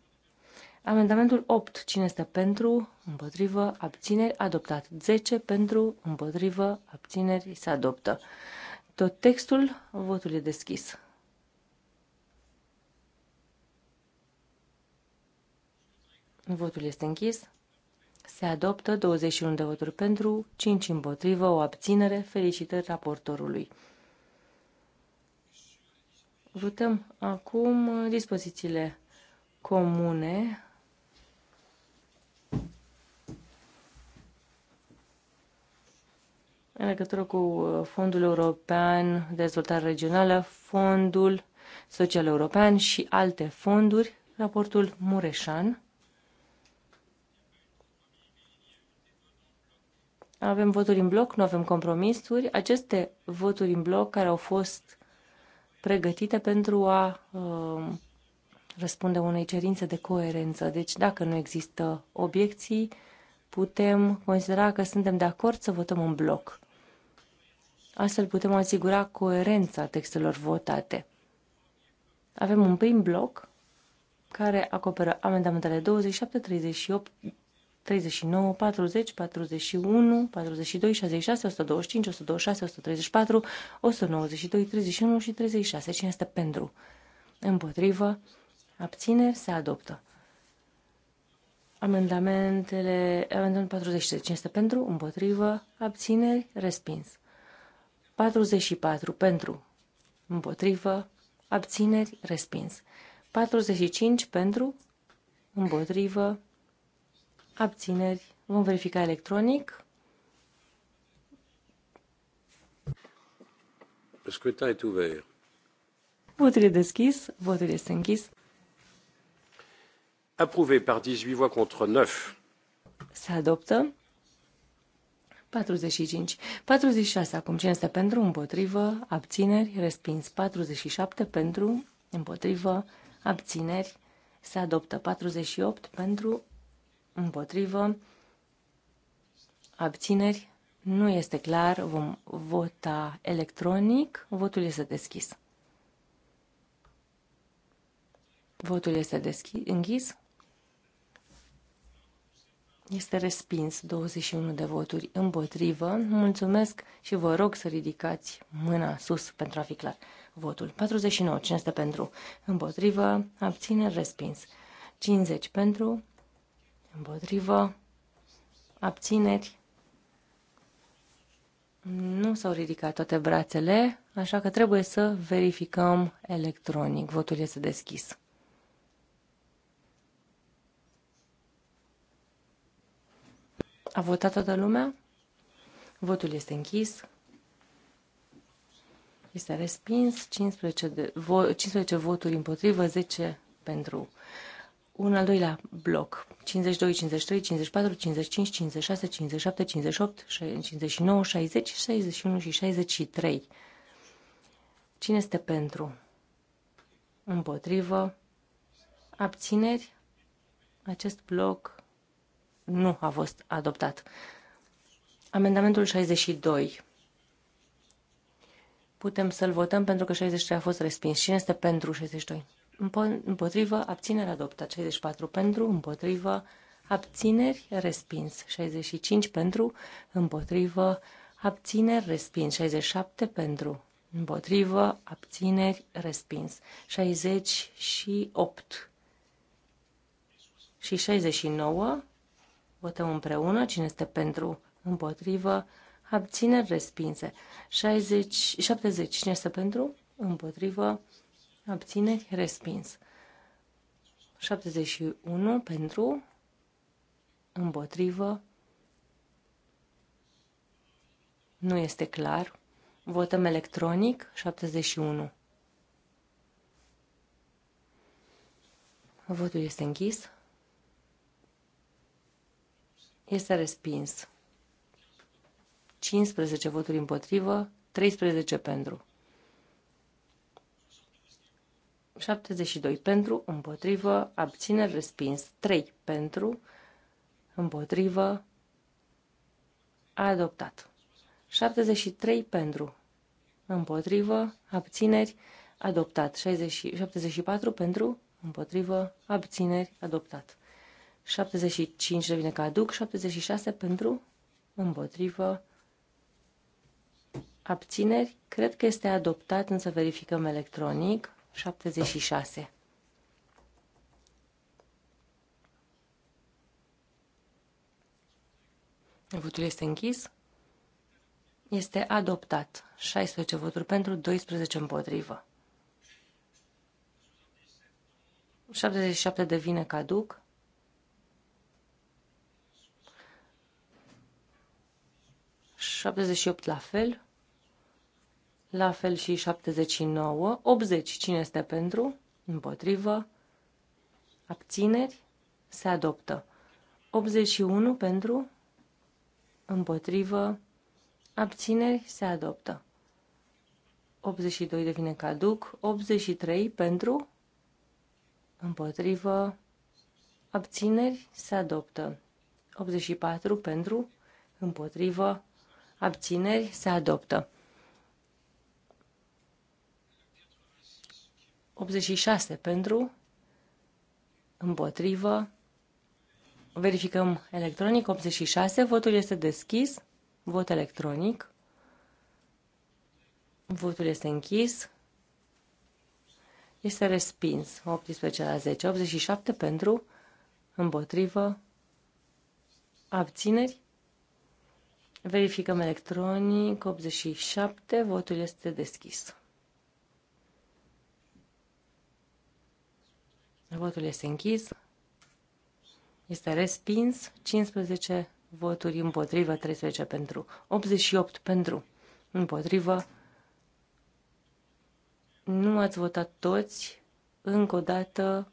Amendamentul 8, cine este pentru, împotrivă, abțineri, adoptat. 10 pentru, împotrivă, abțineri, se adoptă. Tot textul, votul e deschis. Votul este închis. Se adoptă 21 de voturi pentru, 5 împotrivă, o abținere. Felicitări raportorului. Votăm acum dispozițiile comune. În legătură cu uh, Fondul European de Dezvoltare Regională, Fondul Social European și alte fonduri, raportul Mureșan. Avem voturi în bloc, nu avem compromisuri. Aceste voturi în bloc care au fost pregătite pentru a um, răspunde unei cerințe de coerență. Deci, dacă nu există obiecții, putem considera că suntem de acord să votăm în bloc. Astfel putem asigura coerența textelor votate. Avem un prim bloc care acoperă amendamentele 27, 38, 39, 40, 41, 42, 66, 125, 126, 134, 192, 31 și 36. Cine este pentru? Împotrivă? Abțineri? Se adoptă. Amendamentele, amendamentul 40, cine este pentru? Împotrivă? Abțineri? Respins. 44, pentru? Împotrivă? Abțineri? Respins. 45, pentru? Împotrivă? abțineri. Vom verifica electronic.
Scrutin est ouvert.
Votul e deschis, votul este închis.
Approuvé par 18 voix contre 9.
Se adoptă. 45. 46 acum. Cine este pentru? Împotrivă. Abțineri. Respins. 47 pentru. Împotrivă. Abțineri. Se adoptă. 48 pentru împotrivă, abțineri, nu este clar, vom vota electronic, votul este deschis. Votul este deschis, închis. Este respins 21 de voturi împotrivă. Mulțumesc și vă rog să ridicați mâna sus pentru a fi clar. Votul 49. Cine este pentru? Împotrivă. Abțineri. Respins. 50 pentru. Împotrivă. Abțineri. Nu s-au ridicat toate brațele, așa că trebuie să verificăm electronic. Votul este deschis. A votat toată lumea? Votul este închis. Este respins. 15, de, vo, 15 voturi împotrivă, 10 pentru. Un al doilea bloc. 52, 53, 54, 55, 56, 57, 58, 59, 60, 61 și 63. Cine este pentru? Împotrivă? Abțineri? Acest bloc nu a fost adoptat. Amendamentul 62. Putem să-l votăm pentru că 63 a fost respins. Cine este pentru 62? împotrivă, abțineri adoptat. 64 pentru, împotrivă, abțineri respins. 65 pentru, împotrivă, abțineri respins. 67 pentru, împotrivă, abțineri respins. 68 și 69 votăm împreună. Cine este pentru, împotrivă, abțineri respinse. 60, 70. Cine este pentru? Împotrivă abțineri, respins. 71 pentru, împotrivă, nu este clar. Votăm electronic, 71. Votul este închis. Este respins. 15 voturi împotrivă, 13 pentru. 72 pentru, împotrivă, abține, respins. 3 pentru, împotrivă, adoptat. 73 pentru, împotrivă, abțineri, adoptat. 60, 74 pentru, împotrivă, abțineri, adoptat. 75 devine caduc, 76 pentru, împotrivă, abțineri. Cred că este adoptat, însă verificăm electronic. 76. Votul este închis. Este adoptat. 16 voturi pentru, 12 împotrivă. 77 devine caduc. Șaptezeci la fel la fel și 79, 80, cine este pentru, împotrivă, abțineri, se adoptă. 81 pentru, împotrivă, abțineri, se adoptă. 82 devine caduc, 83 pentru, împotrivă, abțineri, se adoptă. 84 pentru, împotrivă, abțineri, se adoptă. 86 pentru, împotrivă, verificăm electronic, 86, votul este deschis, vot electronic, votul este închis, este respins, 18 la 10, 87 pentru, împotrivă, abțineri, verificăm electronic, 87, votul este deschis. Votul este închis. Este respins. 15 voturi împotrivă, 13 pentru. 88 pentru. Împotrivă. Nu ați votat toți. Încă o dată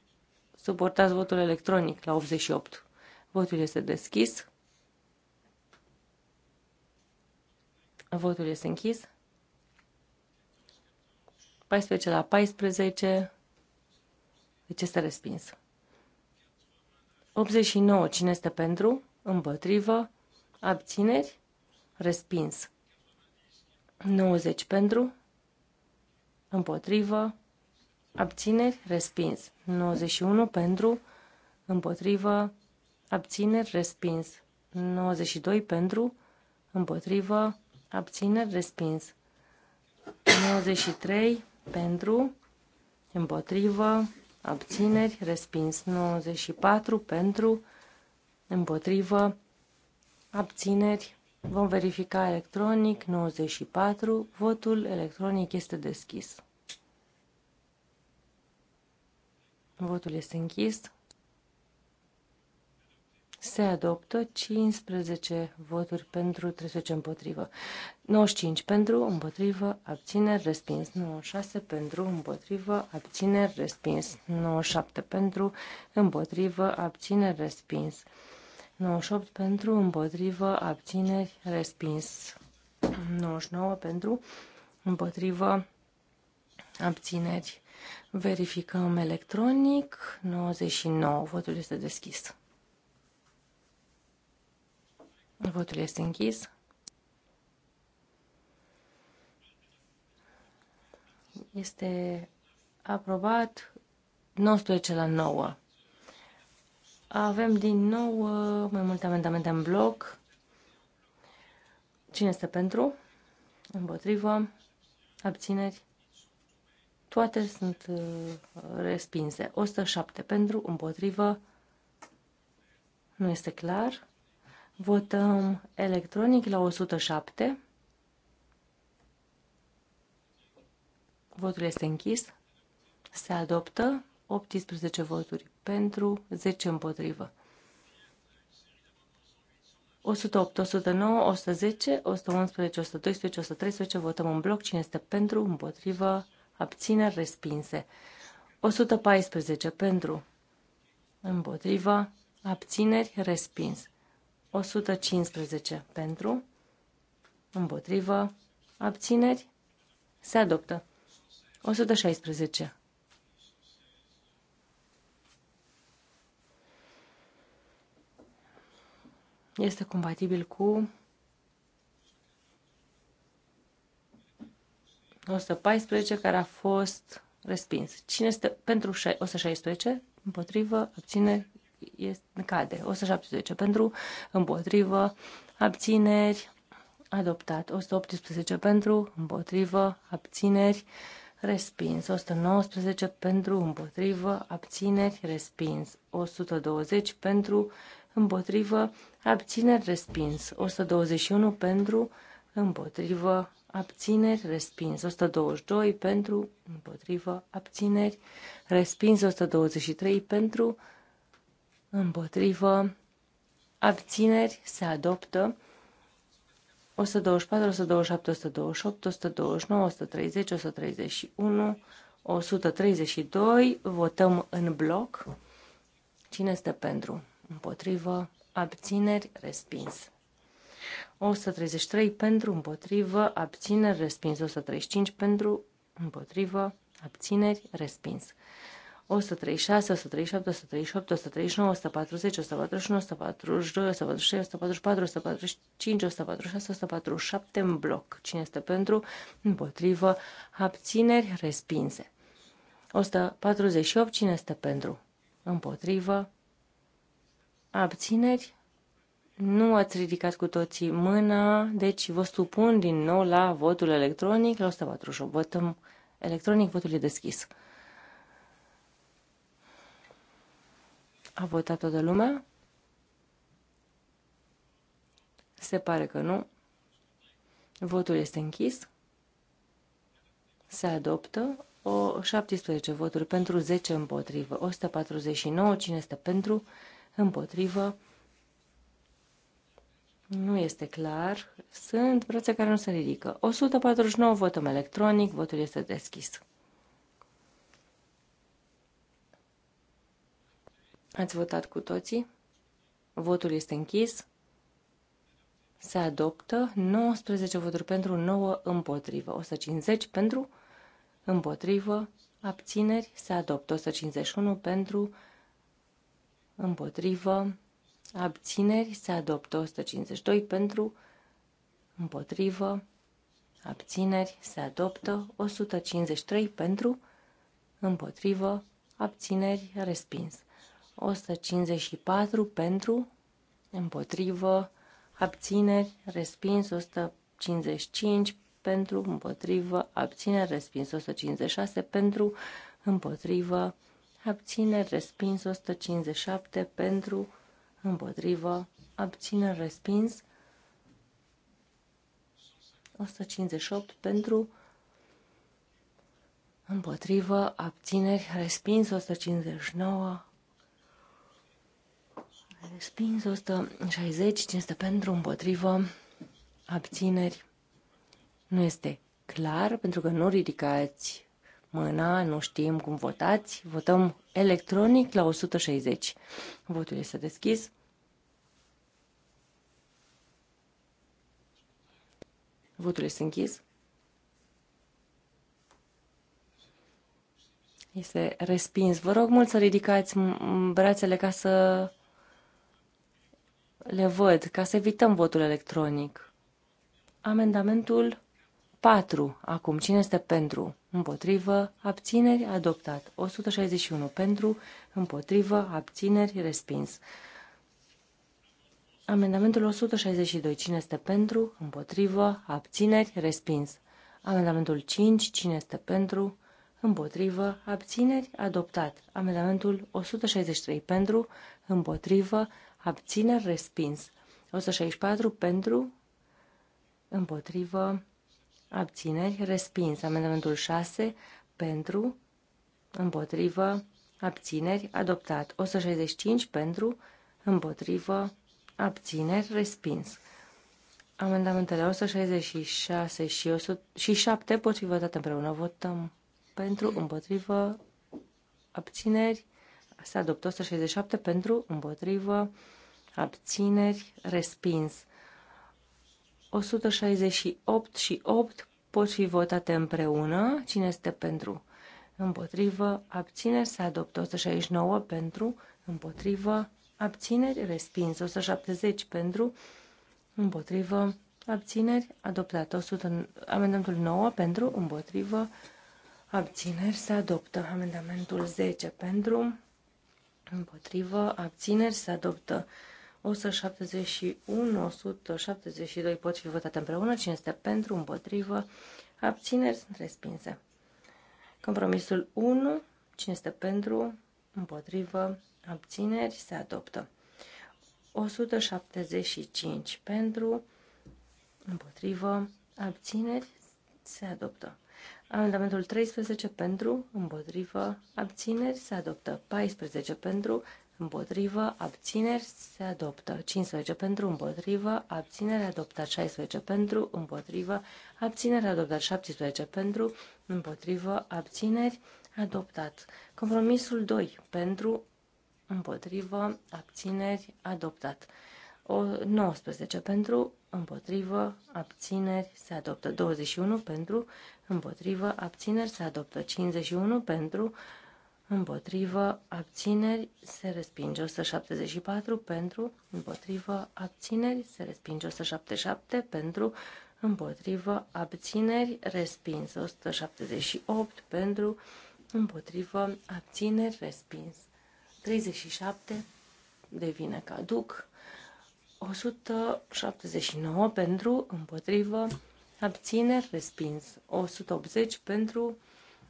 suportați votul electronic la 88. Votul este deschis. Votul este închis. 14 la 14 deci este respins. 89. Cine este pentru? Împotrivă. Abțineri? Respins. 90 pentru? Împotrivă. Abțineri? Respins. 91 pentru? Împotrivă. Abțineri? Respins. 92 pentru? Împotrivă. Abțineri? Respins. 93 pentru? Împotrivă abțineri, respins 94 pentru, împotrivă, abțineri, vom verifica electronic 94, votul electronic este deschis. Votul este închis. Se adoptă 15 voturi pentru 13 împotrivă. 95 pentru, împotrivă, abțineri, respins. 96 pentru, împotrivă, abțineri, respins. 97 pentru, împotrivă, abțineri, respins. 98 pentru, împotrivă, abțineri, respins. 99 pentru, împotrivă, abțineri. Verificăm electronic. 99. Votul este deschis. Votul este închis. Este aprobat 19 la 9. Avem din nou uh, mai multe amendamente în bloc. Cine este pentru? Împotrivă? Abțineri? Toate sunt uh, respinse. 107 pentru, împotrivă. Nu este clar. Votăm electronic la 107. Votul este închis. Se adoptă 18 voturi pentru, 10 împotrivă. 108, 109, 110, 111, 112, 113 votăm în bloc. Cine este pentru, împotrivă, abțineri, respinse. 114 pentru, împotrivă, abțineri, respins. 115 pentru, împotrivă, abțineri, se adoptă. 116. Este compatibil cu 114 care a fost respins. Cine este pentru 116? Împotrivă, abține, este, cade. 117 pentru, împotrivă, abțineri, adoptat. 118 pentru, împotrivă, abțineri, respins. 119 pentru, împotrivă, abțineri, respins. 120 pentru, împotrivă, abțineri, respins. 121 pentru, împotrivă, abțineri, respins. 122 pentru, împotrivă, abțineri, respins. 123 pentru, împotrivă, abțineri, se adoptă. 124, 127, 128, 129, 130, 131, 132. Votăm în bloc. Cine este pentru? Împotrivă. Abțineri. Respins. 133 pentru, împotrivă, abțineri, respins. 135 pentru, împotrivă, abțineri, respins. 136, 137, 138, 139, 140, 141, 142, 143, 144, 145, 146, 147 în bloc. Cine este pentru? Împotrivă. Abțineri respinse. 148. Cine este pentru? Împotrivă. Abțineri. Nu ați ridicat cu toții mâna, deci vă supun din nou la votul electronic la 148. Votăm electronic, votul e deschis. A votat toată lumea? Se pare că nu. Votul este închis. Se adoptă o 17 voturi pentru 10 împotrivă. 149. Cine este pentru? Împotrivă. Nu este clar. Sunt brațe care nu se ridică. 149 votăm electronic. Votul este deschis. Ați votat cu toții? Votul este închis. Se adoptă 19 voturi pentru, 9 împotrivă, 150 pentru, împotrivă, abțineri, se adoptă 151 pentru, împotrivă, abțineri, se adoptă 152 pentru, împotrivă, abțineri, se adoptă 153 pentru, împotrivă, abțineri, respins. 154 pentru, împotrivă, abțineri, respins, 155 pentru, împotrivă, abțineri, respins, 156 pentru, împotrivă, abțineri, respins, 157 pentru, împotrivă, abțineri, respins, 158 pentru, împotrivă, abțineri, respins, 159 Respins 160, cine este pentru, împotrivă, abțineri. Nu este clar, pentru că nu ridicați mâna, nu știm cum votați. Votăm electronic la 160. Votul este deschis. Votul este închis. Este respins. Vă rog mult să ridicați brațele ca să le văd ca să evităm votul electronic. Amendamentul 4. Acum, cine este pentru? Împotrivă, abțineri, adoptat. 161 pentru, împotrivă, abțineri, respins. Amendamentul 162. Cine este pentru? Împotrivă, abțineri, respins. Amendamentul 5. Cine este pentru? Împotrivă, abțineri, adoptat. Amendamentul 163 pentru, împotrivă, abțineri, respins. 164 pentru, împotrivă, abțineri, respins. Amendamentul 6 pentru, împotrivă, abțineri, adoptat. 165 pentru, împotrivă, abțineri, respins. Amendamentele 166 și, 100, și 7 pot fi votate împreună. Votăm pentru, împotrivă, abțineri. Se adoptă 167 pentru, împotrivă, abțineri, respins. 168 și 8 pot fi votate împreună. Cine este pentru? Împotrivă, abțineri, se adoptă 169 pentru, împotrivă, abțineri, respins. 170 pentru, împotrivă, abțineri, adoptat. 100, amendamentul 9 pentru, împotrivă, abțineri, se adoptă. Amendamentul 10 pentru, împotrivă, abțineri, se adoptă. 171, 172 pot fi votate împreună. Cine este pentru, împotrivă, abțineri sunt respinse. Compromisul 1, cine este pentru, împotrivă, abțineri se adoptă. 175 pentru, împotrivă, abțineri se adoptă. Amendamentul 13 pentru, împotrivă, abțineri se adoptă. 14 pentru, împotrivă, abțineri, se adoptă. 15 pentru, împotrivă, abținere, adoptă 16 pentru, împotrivă, abținere, adoptat. 17 pentru, împotrivă, abțineri, adoptat. Compromisul 2 pentru, împotrivă, abțineri, adoptat. O, 19 pentru, împotrivă, abțineri, se adoptă. 21 pentru, împotrivă, abțineri, se adoptă. 51 pentru, împotrivă, abțineri, se respinge 174 pentru, împotrivă, abțineri, se respinge 177 pentru, împotrivă, abțineri, respins 178 pentru, împotrivă, abțineri, respins 37 devine caduc 179 pentru, împotrivă, abțineri, respins 180 pentru,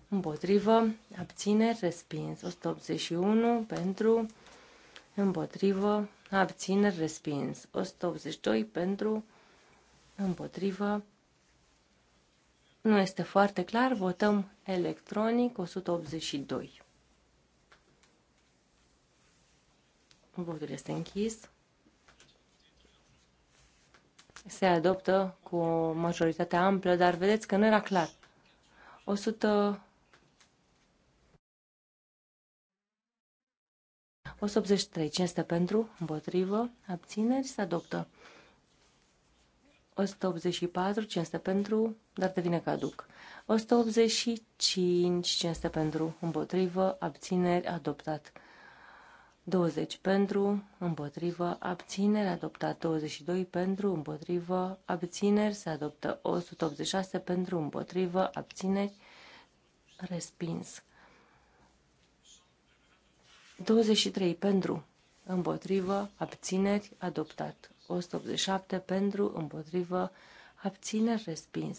împotrivă, abțineri, respins. 181 pentru, împotrivă, abțineri, respins. 182 pentru, împotrivă, nu este foarte clar, votăm electronic 182. Votul este închis. Se adoptă cu o majoritate amplă, dar vedeți că nu era clar. 100 183. Cine este pentru? Împotrivă. Abțineri? Se adoptă. 184. Cine este pentru? Dar devine caduc. 185. Cine este pentru? Împotrivă. Abțineri? Adoptat. 20 pentru, împotrivă, abțineri, adoptat 22 pentru, împotrivă, abțineri, se adoptă 186 pentru, împotrivă, abțineri, respins. 23 pentru, împotrivă, abțineri, adoptat. 187 pentru, împotrivă, abțineri, respins.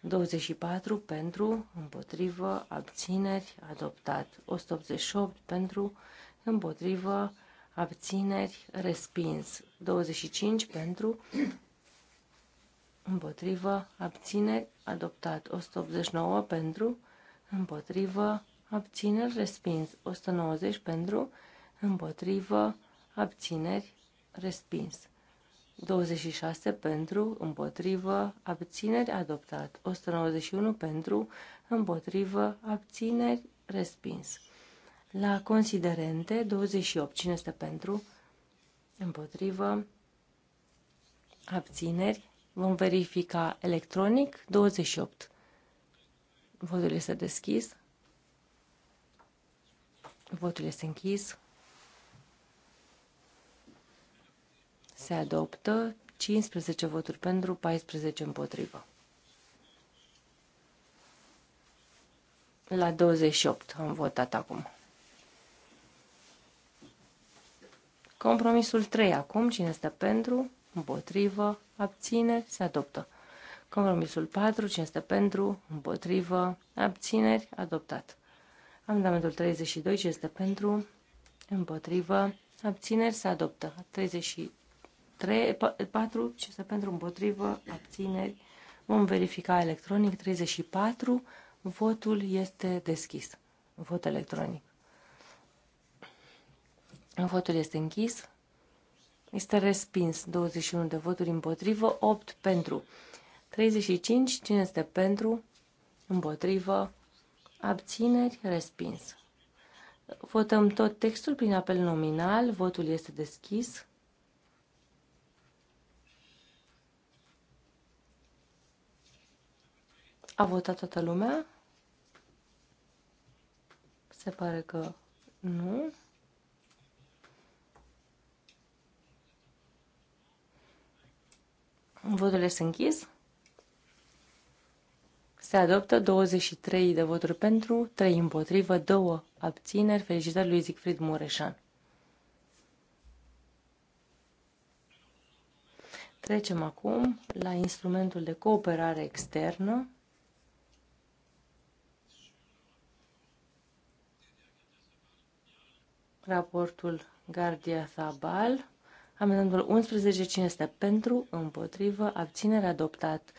24 pentru, împotrivă, abțineri, adoptat. 188 pentru, împotrivă, abțineri, respins. 25 pentru, împotrivă, abțineri, adoptat. 189 pentru, împotrivă, abțineri, respins. 190 pentru, împotrivă, abțineri, respins. 26 pentru, împotrivă, abțineri, adoptat. 191 pentru, împotrivă, abțineri, respins. La considerente, 28. Cine este pentru? Împotrivă, abțineri. Vom verifica electronic, 28. Votul este deschis. Votul este închis. Se adoptă 15 voturi pentru, 14 împotrivă. La 28 am votat acum. Compromisul 3 acum, cine este pentru, împotrivă, abține, se adoptă. Compromisul 4, cine este pentru, împotrivă, abțineri, adoptat. Amendamentul 32, ce este pentru, împotrivă, abțineri, se adoptă. 33, 4, ce este pentru, împotrivă, abțineri, vom verifica electronic. 34, votul este deschis. Vot electronic. Votul este închis. Este respins 21 de voturi împotrivă, 8 pentru. 35, cine este pentru? Împotrivă, abțineri, respins. Votăm tot textul prin apel nominal, votul este deschis. A votat toată lumea? Se pare că nu. Votul este închis. Se adoptă 23 de voturi pentru, 3 împotrivă, 2 abțineri. Felicitări lui Zicfrid Mureșan. Trecem acum la instrumentul de cooperare externă. Raportul Gardia Thabal. Amendamentul 11, cine este pentru, împotrivă, abținere adoptat.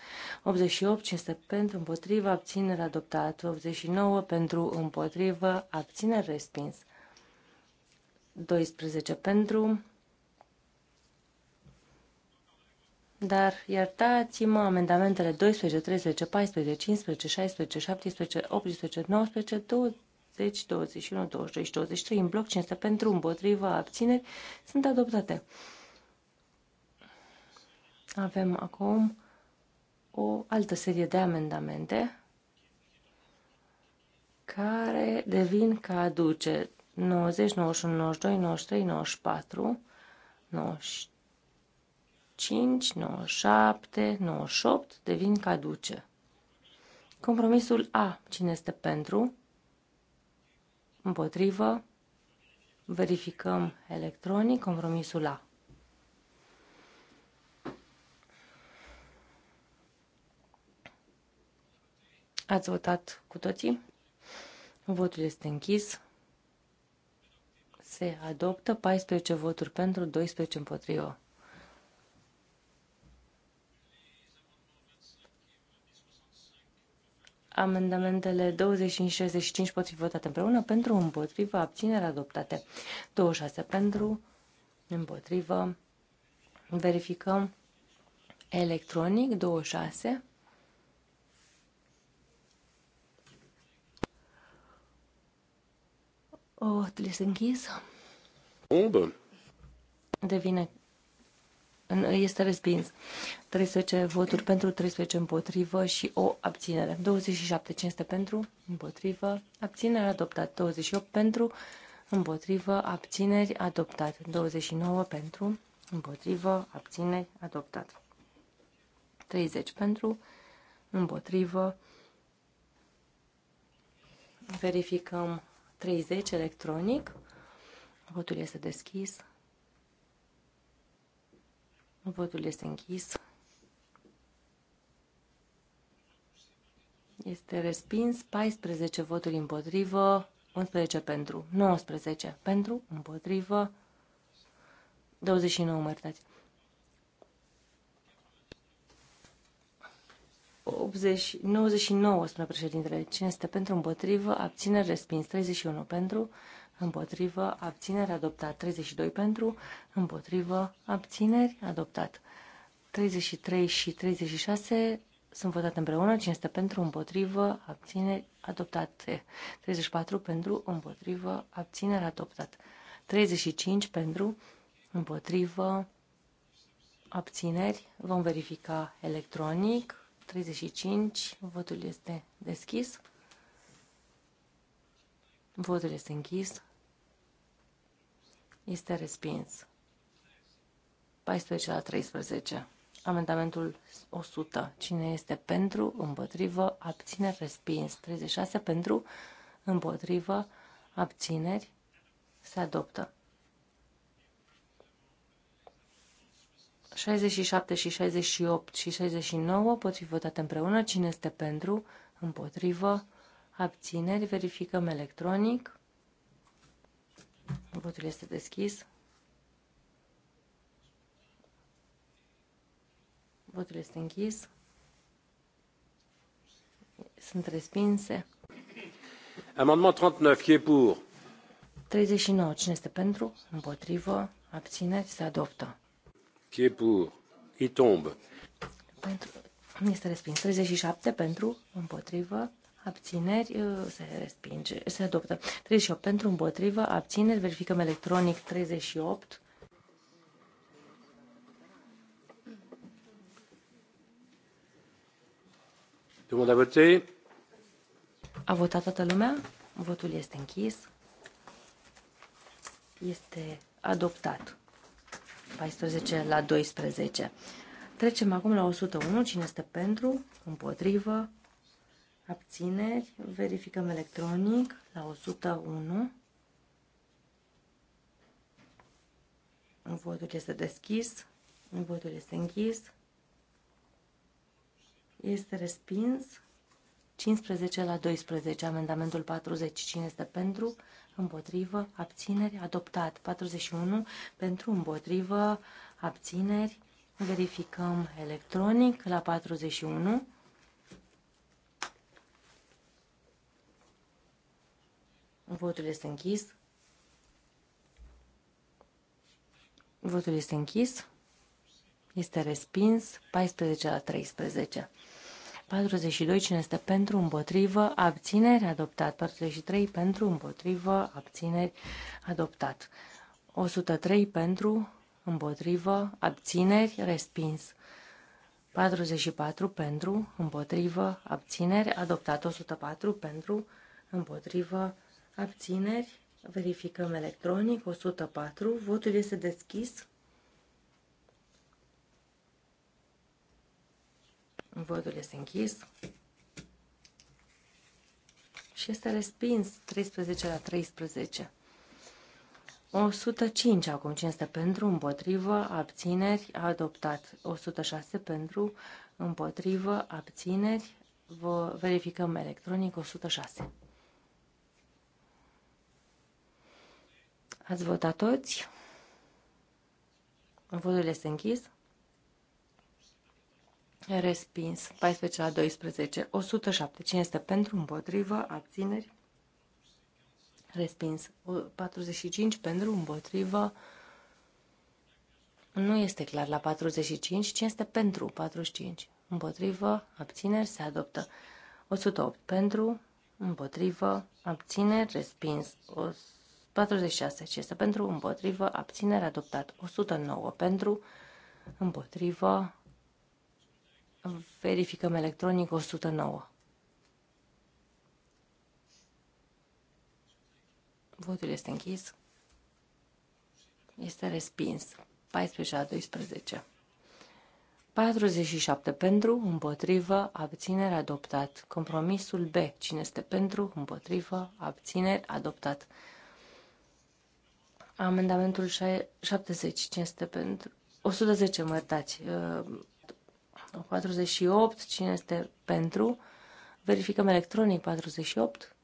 88, cine este pentru, împotrivă, abținere adoptat. 89, pentru, împotrivă, abținere respins. 12 pentru. Dar iertați-mă, amendamentele 12, 13, 14, 15, 16, 17, 18, 19, 20, 20, 21, 22 și 23 în bloc, 5 pentru, împotriva, abțineri, sunt adoptate. Avem acum o altă serie de amendamente care devin caduce 90, 91, 92, 93, 94, 95, 97, 98 devin caduce. Compromisul A. Cine este pentru? Împotrivă. Verificăm electronic compromisul A. Ați votat cu toții? Votul este închis. Se adoptă 14 voturi pentru, 12 împotrivă. Amendamentele 25 și 65 pot fi votate împreună pentru împotrivă, abținere adoptate. 26 pentru împotrivă. Verificăm electronic 26. trebuie să închis. Devine este respins. 13 voturi pentru, 13 împotrivă și o abținere. 27 500 pentru, împotrivă, abținere adoptat. 28 pentru, împotrivă, abțineri adoptat. 29 pentru, împotrivă, abțineri adoptat. 30 pentru, împotrivă. Verificăm 30 electronic. Votul este deschis. Votul este închis. Este respins 14 voturi împotrivă, 11 pentru, 19 pentru, împotrivă, 29, mă 80, 99, spune președintele. Cine este pentru, împotrivă, abține, respins, 31 pentru, împotrivă, abțineri, adoptat. 32 pentru, împotrivă, abțineri, adoptat. 33 și 36 sunt votate împreună, este pentru, împotrivă, abțineri, adoptat 34 pentru, împotrivă, abțineri, adoptat. 35 pentru, împotrivă, abțineri. Vom verifica electronic. 35, votul este deschis. Votul este închis. Este respins. 14 la 13. Amendamentul 100. Cine este pentru, împotrivă, abțineri, respins. 36 pentru, împotrivă, abțineri, se adoptă. 67 și 68 și 69 pot fi votate împreună. Cine este pentru, împotrivă, abțineri, verificăm electronic. Votul este deschis. Votul este închis. Sunt respinse.
Amendement 39, qui est pour?
39, cine este pentru? Împotrivă, abțineri, se adoptă.
Qui est pour? Il tombe.
Pentru, este respins. 37 pentru, împotrivă, Abțineri uh, se respinge, se adoptă. 38 pentru împotrivă, abțineri, verificăm electronic 38. A votat toată lumea? Votul este închis. Este adoptat. 14 la 12. Trecem acum la 101. Cine este pentru? Împotrivă? abțineri, verificăm electronic la 101. Votul este deschis, votul este închis, este respins. 15 la 12, amendamentul 45 este pentru, împotrivă, abțineri, adoptat. 41 pentru, împotrivă, abțineri, verificăm electronic la 41. Votul este închis. Votul este închis. Este respins 14 la 13. 42 cine este pentru, împotrivă, abțineri, adoptat. 43 pentru, împotrivă, abțineri, adoptat. 103 pentru, împotrivă, abțineri, respins. 44 pentru, împotrivă, abțineri, adoptat. 104 pentru, împotrivă, abțineri, verificăm electronic, 104, votul este deschis. Votul este închis. Și este respins 13 la 13. 105 acum 500 pentru, împotrivă, abțineri, adoptat. 106 pentru, împotrivă, abțineri, verificăm electronic 106. Ați votat toți? Votul este închis. Respins. 14 la 12. 107. Cine este pentru? Împotrivă. Abțineri. Respins. 45 pentru? Împotrivă. Nu este clar la 45. Cine este pentru? 45. Împotrivă. Abțineri. Se adoptă. 108 pentru. Împotrivă. Abțineri. Respins. 100. 46. Ce este pentru, împotrivă, abținere adoptat. 109 pentru, împotrivă, verificăm electronic 109. Votul este închis. Este respins. 14 la 12. 47 pentru, împotrivă, abținere, adoptat. Compromisul B. Cine este pentru, împotrivă, abținere, adoptat. Amendamentul 70, cine pentru? 110, mă iertați. 48, uh, cine este pentru? Verificăm electronic 48.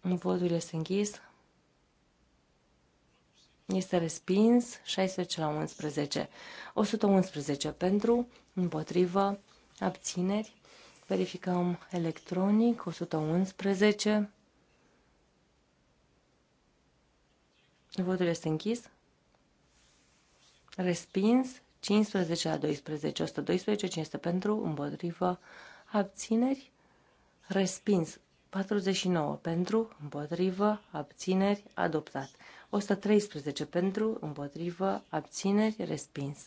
Votul este închis. Este respins 16 la 11. 111 pentru, împotrivă, abțineri. Verificăm electronic 111. Votul este închis. Respins 15 la 12, 112, 500 pentru, împotrivă, abțineri. Respins 49 pentru, împotrivă, abțineri, adoptat. 113 pentru, împotrivă, abțineri, respins.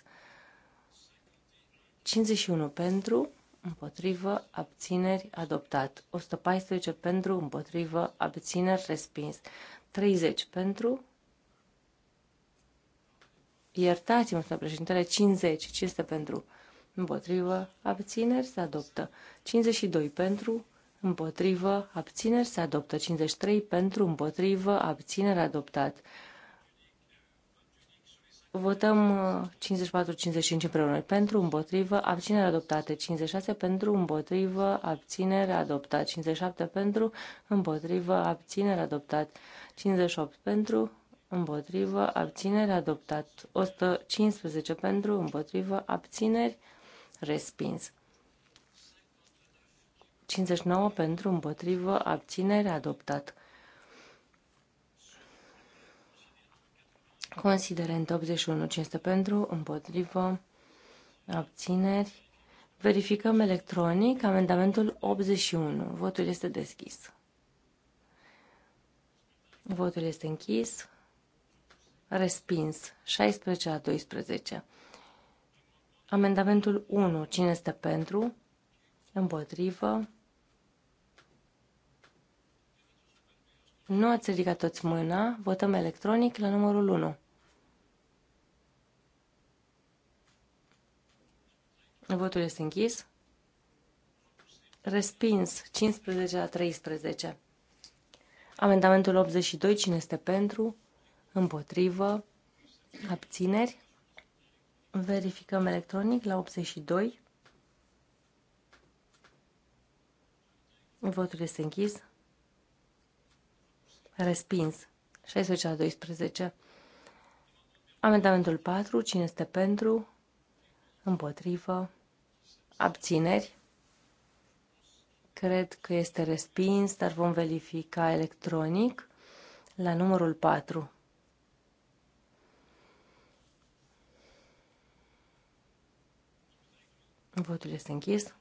51 pentru, împotrivă, abțineri, adoptat. 114 pentru, împotrivă, abțineri, respins. 30 pentru, Iertați-mă, spune președintele, 50. Ce este pentru? Împotrivă, abțineri, se adoptă. 52 pentru, împotrivă, abțineri, se adoptă. 53 pentru, împotrivă, abțineri, adoptat. Votăm 54-55 uh, împreună. Pentru, împotrivă, abțineri adoptate. 56 pentru, împotrivă, abțineri adoptat. 57 pentru, împotrivă, abțineri adoptat. 58 pentru, împotrivă, abțineri, adoptat. 115 pentru, împotrivă, abțineri, respins. 59 pentru, împotrivă, abțineri, adoptat. Considerent 81, 500 pentru, împotrivă, abțineri. Verificăm electronic amendamentul 81. Votul este deschis. Votul este închis. Respins. 16 la 12. Amendamentul 1. Cine este pentru? Împotrivă. Nu ați ridicat toți mâna. Votăm electronic la numărul 1. Votul este închis. Respins 15 la 13. Amendamentul 82. Cine este pentru? împotrivă, abțineri. Verificăm electronic la 82. Votul este închis. Respins. 16 la 12. Amendamentul 4. Cine este pentru? Împotrivă. Abțineri. Cred că este respins, dar vom verifica electronic la numărul 4. Votul este închis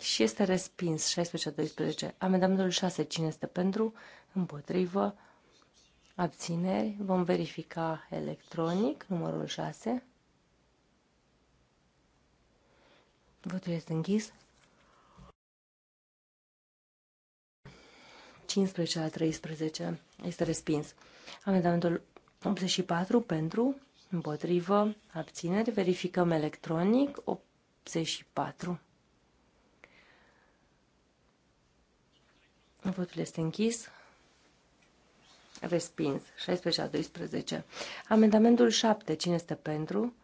și este respins 16-12. Amendamentul 6, cine este pentru? Împotrivă. Abțineri. Vom verifica electronic numărul 6. Votul este închis. 15 la 13 este respins. Amendamentul 84 pentru, împotrivă, abțineri. Verificăm electronic. 84. Votul este închis. Respins. 16 la 12. Amendamentul 7. Cine este pentru?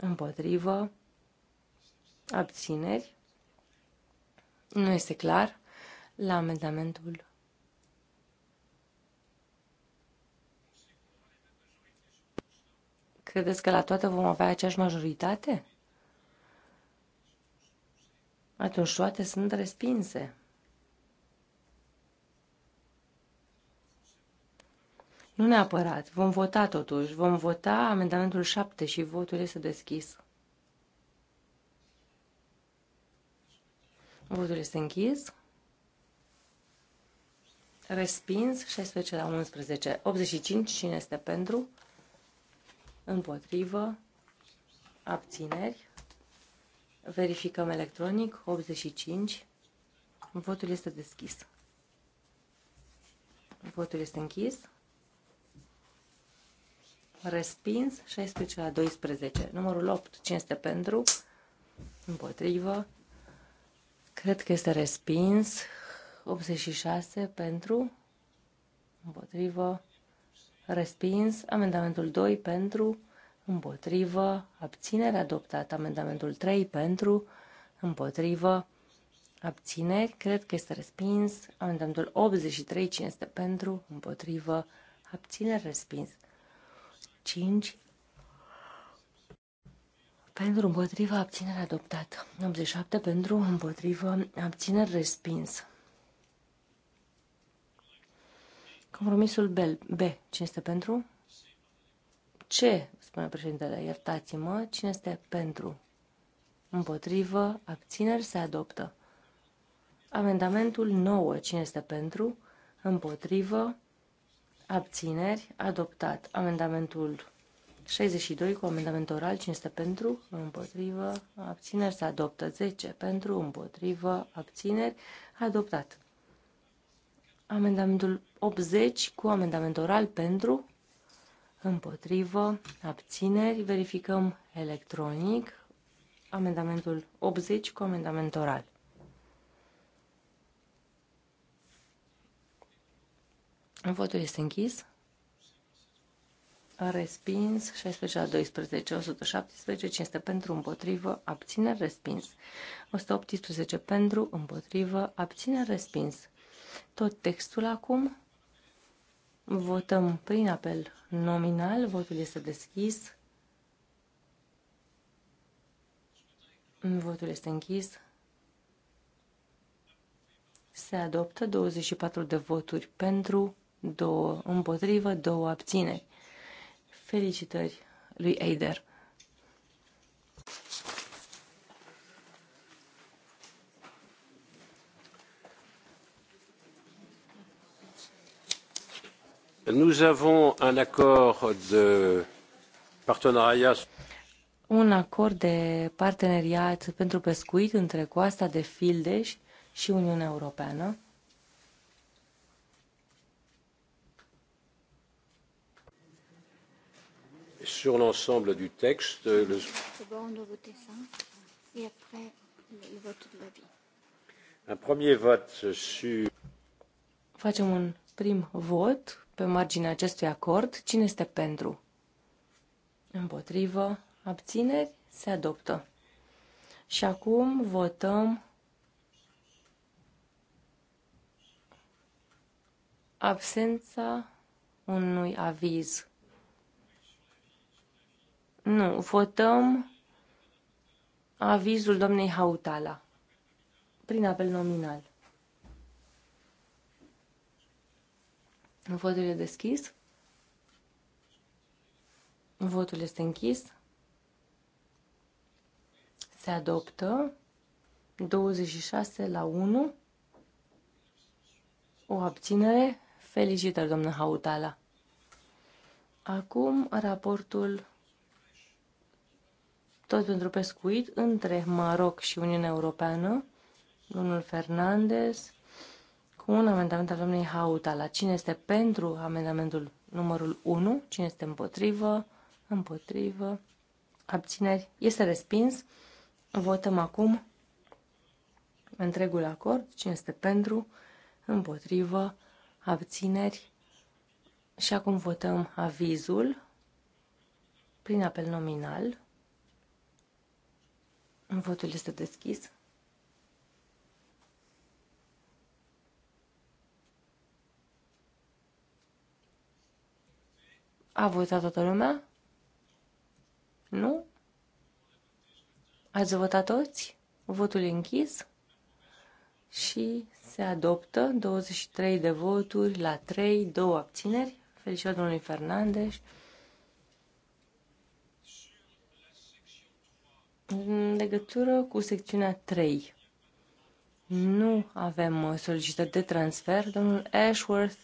Împotrivă. Abțineri. Nu este clar. La amendamentul Credeți că la toate vom avea aceeași majoritate? atunci toate sunt respinse. Nu neapărat. Vom vota totuși. Vom vota amendamentul 7 și votul este deschis. Votul este închis. Respins 16 la 11. 85. Cine este pentru? Împotrivă. Abțineri. Verificăm electronic. 85. Votul este deschis. Votul este închis. Respins. 16 la 12. Numărul 8. 500 pentru. Împotrivă. Cred că este respins. 86 pentru. Împotrivă. Respins. Amendamentul 2 pentru împotrivă, abținere, adoptat. Amendamentul 3 pentru, împotrivă, abțineri, cred că este respins. Amendamentul 83, cine este pentru, împotrivă, abțineri, respins. 5 pentru împotrivă, abținere adoptat. 87 pentru împotrivă, abțineri respins. Compromisul B. B. Cine este pentru? C spune președintele, iertați-mă, cine este pentru? Împotrivă, abțineri, se adoptă. Amendamentul 9, cine este pentru? Împotrivă, abțineri, adoptat. Amendamentul 62 cu amendament oral, Cine este pentru, împotrivă, abțineri, se adoptă 10 pentru, împotrivă, abțineri, adoptat. Amendamentul 80 cu amendament oral pentru, împotrivă, abțineri, verificăm electronic amendamentul 80 cu amendament oral. Votul este închis. A respins 16 la 12, 117, 500 pentru, împotrivă, abțineri, respins. 118 pentru, împotrivă, abțineri, respins. Tot textul acum. Votăm prin apel nominal. Votul este deschis. Votul este închis. Se adoptă 24 de voturi pentru, 2 împotrivă, 2 abțineri. Felicitări lui Eider.
Nous avons un accord de partenariat
un acord de parteneriat pentru pescuit între coasta de Fildeș și Uniunea Europeană.
Sur l'ensemble du texte, le... Un premier vote sur...
Facem un prim vot pe marginea acestui acord. Cine este pentru? Împotrivă. Abțineri? Se adoptă. Și acum votăm absența unui aviz. Nu, votăm avizul domnei Hautala prin apel nominal. Votul e deschis. Votul este închis. Se adoptă 26 la 1. O abținere. Felicitări, domnul Hautala. Acum raportul tot pentru pescuit între Maroc și Uniunea Europeană. Domnul Fernandez un amendament al Hauta. La Cine este pentru amendamentul numărul 1? Cine este împotrivă? Împotrivă. Abțineri. Este respins. Votăm acum întregul acord. Cine este pentru? Împotrivă. Abțineri. Și acum votăm avizul prin apel nominal. Votul este deschis. A votat toată lumea? Nu? Ați votat toți? Votul e închis? Și se adoptă 23 de voturi la 3, 2 abțineri. Felicitări domnului Fernandez. În legătură cu secțiunea 3, nu avem solicitări de transfer. Domnul Ashworth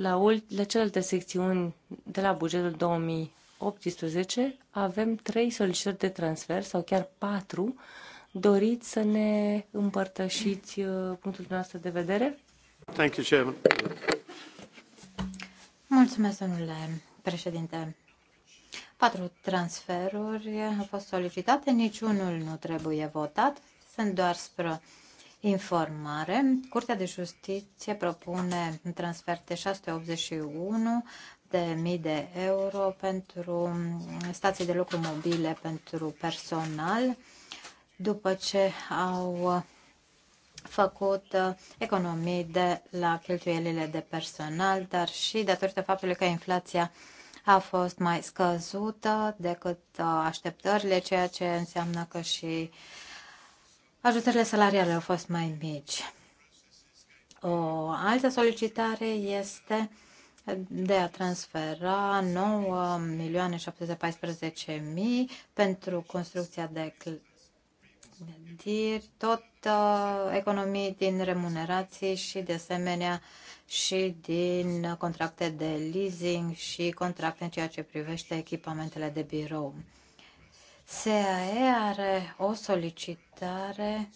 la, ult- la celelalte secțiuni de la bugetul 2018 avem trei solicitări de transfer sau chiar patru. Doriți să ne împărtășiți uh, punctul dumneavoastră de vedere?
Thank you, Chairman.
Mulțumesc, domnule președinte. Patru transferuri au fost solicitate, niciunul nu trebuie votat, sunt doar spre informare. Curtea de Justiție propune un transfer de 681 de mii de euro pentru stații de lucru mobile pentru personal după ce au făcut economii de la cheltuielile de personal, dar și datorită faptului că inflația a fost mai scăzută decât așteptările, ceea ce înseamnă că și Ajutările salariale au fost mai mici. O altă solicitare este de a transfera 9.714.000 pentru construcția de clădiri, tot uh, economii din remunerații și de asemenea și din contracte de leasing și contracte în ceea ce privește echipamentele de birou. CAE are o solicitare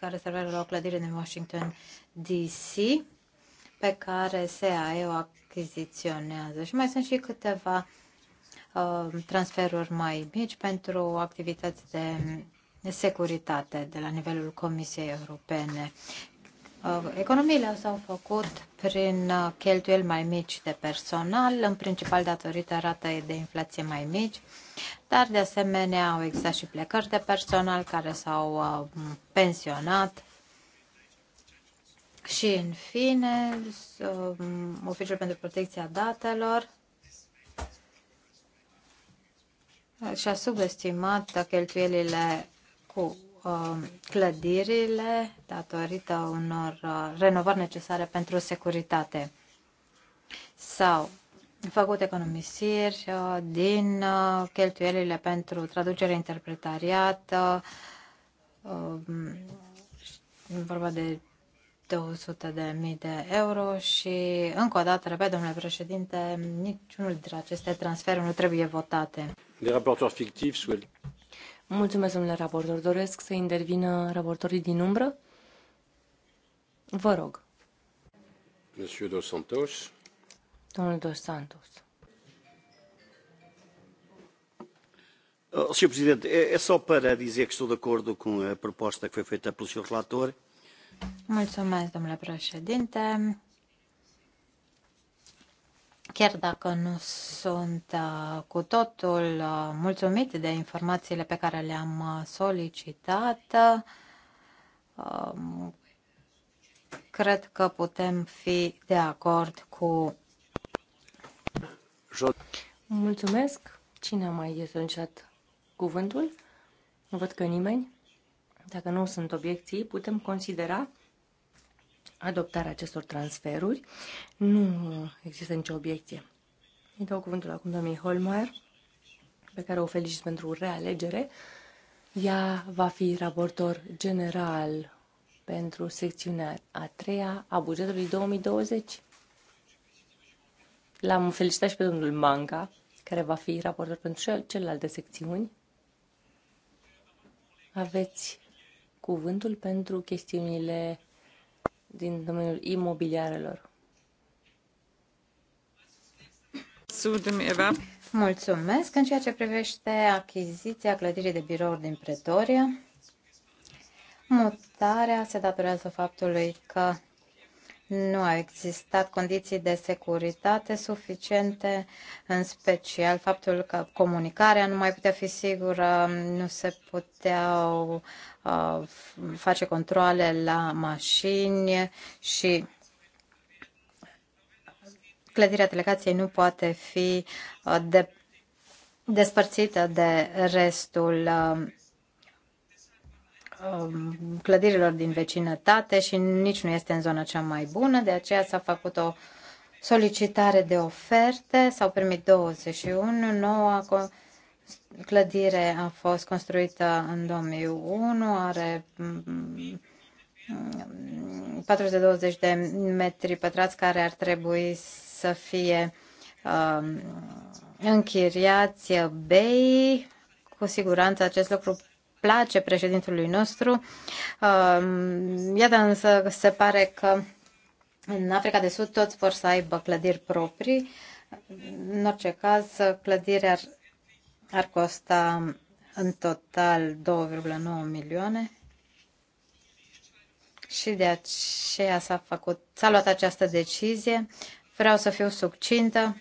care se referă la o clădire din Washington DC pe care SAE o achiziționează. Și mai sunt și câteva uh, transferuri mai mici pentru activități de securitate de la nivelul Comisiei Europene. Uh, economiile s-au făcut prin uh, cheltuieli mai mici de personal, în principal datorită ratei de inflație mai mici, dar de asemenea au existat și plecări de personal care s-au uh, pensionat. Și în fine, Oficiul pentru Protecția Datelor și-a subestimat cheltuielile cu Um, clădirile datorită unor uh, renovări necesare pentru securitate. Sau făcut economisiri uh, din uh, cheltuielile pentru traducere în um, vorba de 200 de mii de euro și, încă o dată, repet, domnule președinte, niciunul dintre aceste transferuri nu trebuie votate.
De raportori fictivi,
Mulțumesc, domnule raportor.
Doresc să intervină raportorii din umbră? Vă rog.
Monsieur Dos Santos.
Domnul Dos Santos.
Oh, Sr. Presidente, é, é só para dizer que estou
de acordo com a proposta que foi feita pelo Sr. Relator.
Mulțumesc, domnule președinte chiar dacă nu sunt uh, cu totul uh, mulțumit de informațiile pe care le-am uh, solicitat, um, cred că putem fi de acord cu.
Mulțumesc. Cine a mai solicitat cuvântul? Nu văd că nimeni. Dacă nu sunt obiecții, putem considera adoptarea acestor transferuri. Nu există nicio obiecție. Îi dau cuvântul acum doamnei Holmeier, pe care o felicit pentru realegere. Ea va fi raportor general pentru secțiunea a treia a bugetului 2020. L-am felicitat și pe domnul Manga, care va fi raportor pentru celelalte secțiuni. Aveți cuvântul pentru chestiunile din domeniul
imobiliarelor. Mulțumesc. În ceea ce privește achiziția clădirii de birouri din Pretoria, mutarea se datorează faptului că nu au existat condiții de securitate suficiente, în special faptul că comunicarea nu mai putea fi sigură, nu se puteau uh, face controle la mașini și clădirea delegației nu poate fi uh, de, despărțită de restul uh, Um, clădirilor din vecinătate și nici nu este în zona cea mai bună, de aceea s-a făcut o solicitare de oferte, s-au primit 21, noua clădire a fost construită în 2001, are 420 mm, mm, de metri pătrați care ar trebui să fie um, uh, închiriați bei. Cu siguranță acest lucru place președintelui nostru. Um, iată însă se pare că în Africa de Sud toți vor să aibă clădiri proprii. În orice caz, clădirea ar, ar costa în total 2,9 milioane și de aceea s-a făcut, s-a luat această decizie. Vreau să fiu succintă.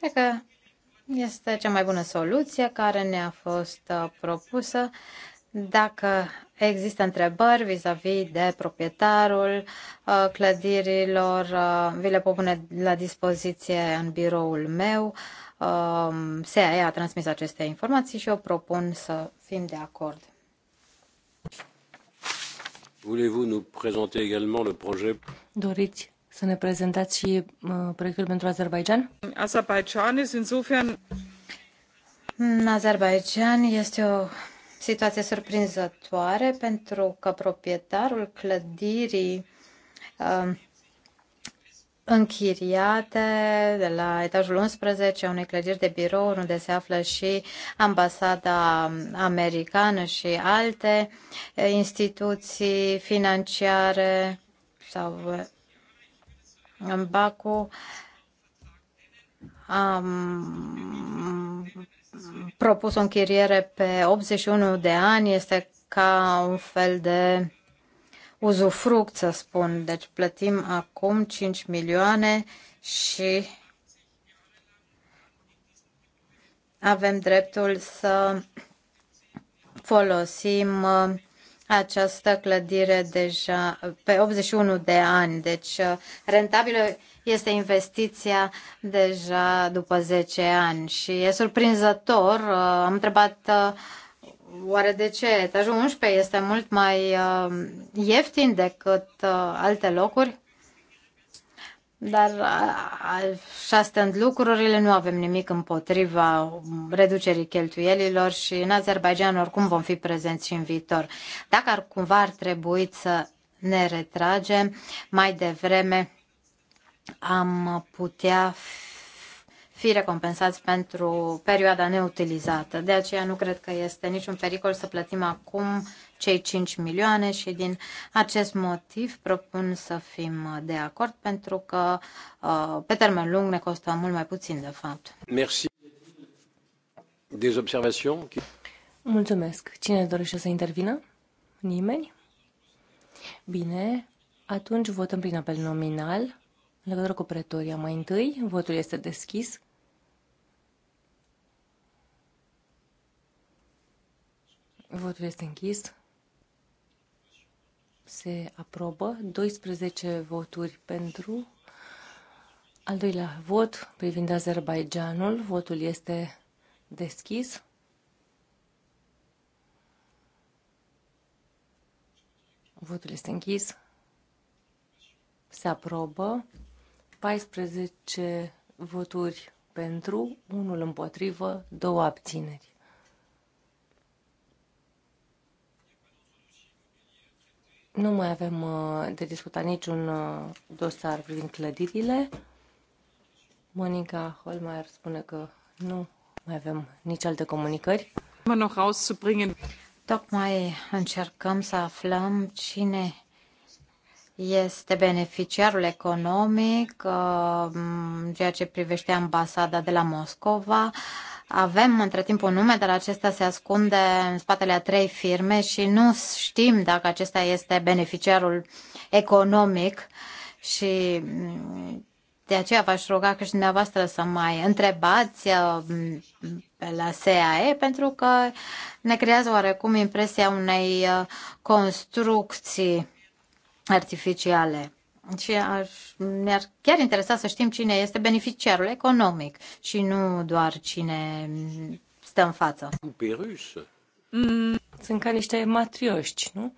Cred că este cea mai bună soluție care ne-a fost uh, propusă. Dacă există întrebări vis-a-vis -vis de proprietarul uh, clădirilor, uh, vi le pot pune la dispoziție în biroul meu. Um, SEA a transmis aceste informații și eu propun să fim de acord.
Doriți să ne prezentați și uh, proiectul pentru Azerbaijan?
Azerbaijan este insofern... În mm, Azerbaijan este o situație surprinzătoare pentru că proprietarul clădirii uh, închiriate de la etajul 11 unei clădiri de birou unde se află și ambasada americană și alte instituții financiare sau în Baku am propus o închiriere pe 81 de ani. Este ca un fel de uzufruct, să spun. Deci plătim acum 5 milioane și avem dreptul să folosim uh, această clădire deja pe 81 de ani, deci uh, rentabilă este investiția deja după 10 ani și e surprinzător. Uh, am întrebat uh, oare de ce etajul 11 este mult mai ieftin decât alte locuri? Dar așa stând lucrurile, nu avem nimic împotriva reducerii cheltuielilor și în Azerbaijan oricum vom fi prezenți și în viitor. Dacă ar cumva ar trebui să ne retragem mai devreme, am putea fi recompensați pentru perioada neutilizată. De aceea nu cred că este niciun pericol să plătim acum cei 5 milioane și din acest motiv propun să fim de acord pentru că uh, pe termen lung ne costă mult mai puțin de fapt.
Merci. Des observations?
Mulțumesc. Cine dorește să intervină? Nimeni? Bine, atunci votăm prin apel nominal în legătură cu pretoria mai întâi. Votul este deschis. Votul este închis se aprobă, 12 voturi pentru. Al doilea vot privind Azerbaijanul, votul este deschis. Votul este închis. Se aprobă. 14 voturi pentru, unul împotrivă, două abțineri. Nu mai avem uh, de discutat niciun uh, dosar prin clădirile. Monica Holmeier spune că nu mai avem nici alte comunicări.
Tocmai încercăm să aflăm cine este beneficiarul economic uh, în ceea ce privește ambasada de la Moscova. Avem între timp un nume, dar acesta se ascunde în spatele a trei firme și nu știm dacă acesta este beneficiarul economic și mm, de aceea v-aș ruga că și dumneavoastră să mai întrebați uh, la SAE, pentru că ne creează oarecum impresia unei uh, construcții artificiale. Și ar, ne-ar chiar interesa să știm cine este beneficiarul economic și nu doar cine stă în față. Mm. sunt ca niște matrioști, nu?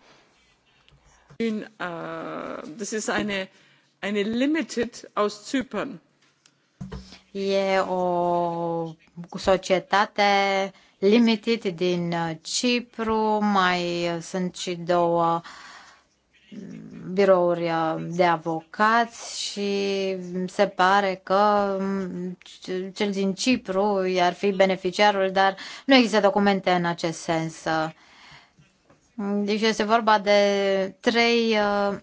In,
uh, this is eine, eine limited aus Zypern.
E o societate limited din uh, Cipru, mai sunt și două uh, birouri uh, de avocați și se pare că mm, cel din Cipru ar fi beneficiarul, dar nu există documente în acest sens. Deci este vorba de trei uh,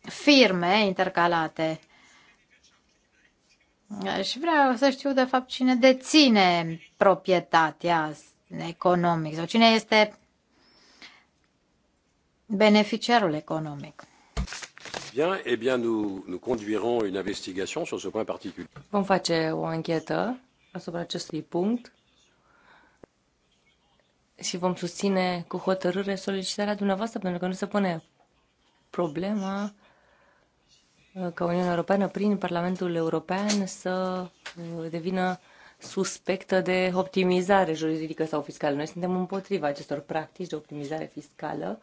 firme intercalate. Și vreau să știu, de fapt, cine deține proprietatea economică sau cine este beneficiarul economic.
Bien, eh bien, nous, nous conduirons une investigation sur ce point particulier.
Vom face
o anchetă asupra acestui punct și vom susține cu hotărâre solicitarea dumneavoastră, pentru că nu se pune problema uh, ca Uniunea Europeană, prin Parlamentul European, să uh, devină suspectă de optimizare juridică sau fiscală. Noi suntem împotriva acestor practici de optimizare fiscală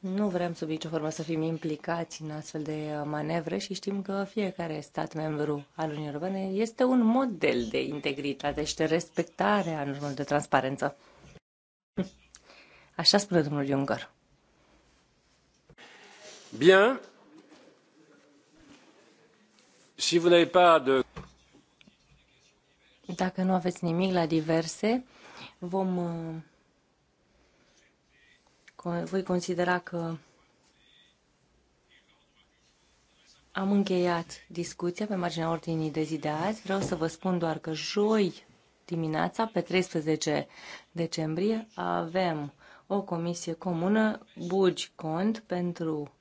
nu vrem sub nicio formă să fim implicați în astfel de uh, manevre și știm că fiecare stat membru al Uniunii Europene este un model de integritate și de respectare a normelor de transparență. Așa spune domnul Juncker.
Bien. Si vous n'avez pas de...
Dacă nu aveți nimic la diverse, vom uh, voi considera că am încheiat discuția pe marginea ordinii de zi de azi. Vreau să vă spun doar că joi dimineața, pe 13 decembrie, avem o comisie comună, Bugi Cont, pentru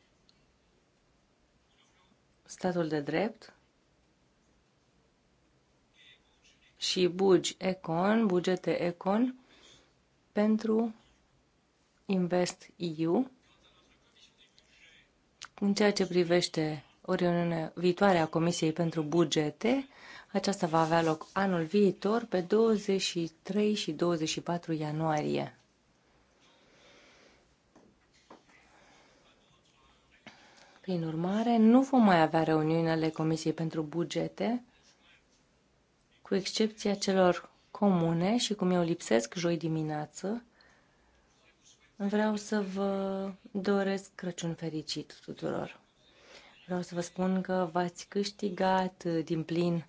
statul de drept și Bugi Econ, bugete Econ, pentru Invest EU în ceea ce privește o reuniune viitoare a Comisiei pentru Bugete. Aceasta va avea loc anul viitor, pe 23 și 24 ianuarie. Prin urmare, nu vom mai avea reuniunile Comisiei pentru Bugete, cu excepția celor comune și cum eu lipsesc joi dimineață, Vreau să vă doresc Crăciun fericit tuturor. Vreau să vă spun că v-ați câștigat din plin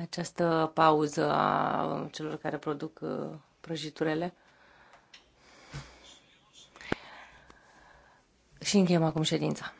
această pauză a celor care produc uh, prăjiturele. Și încheiem acum ședința.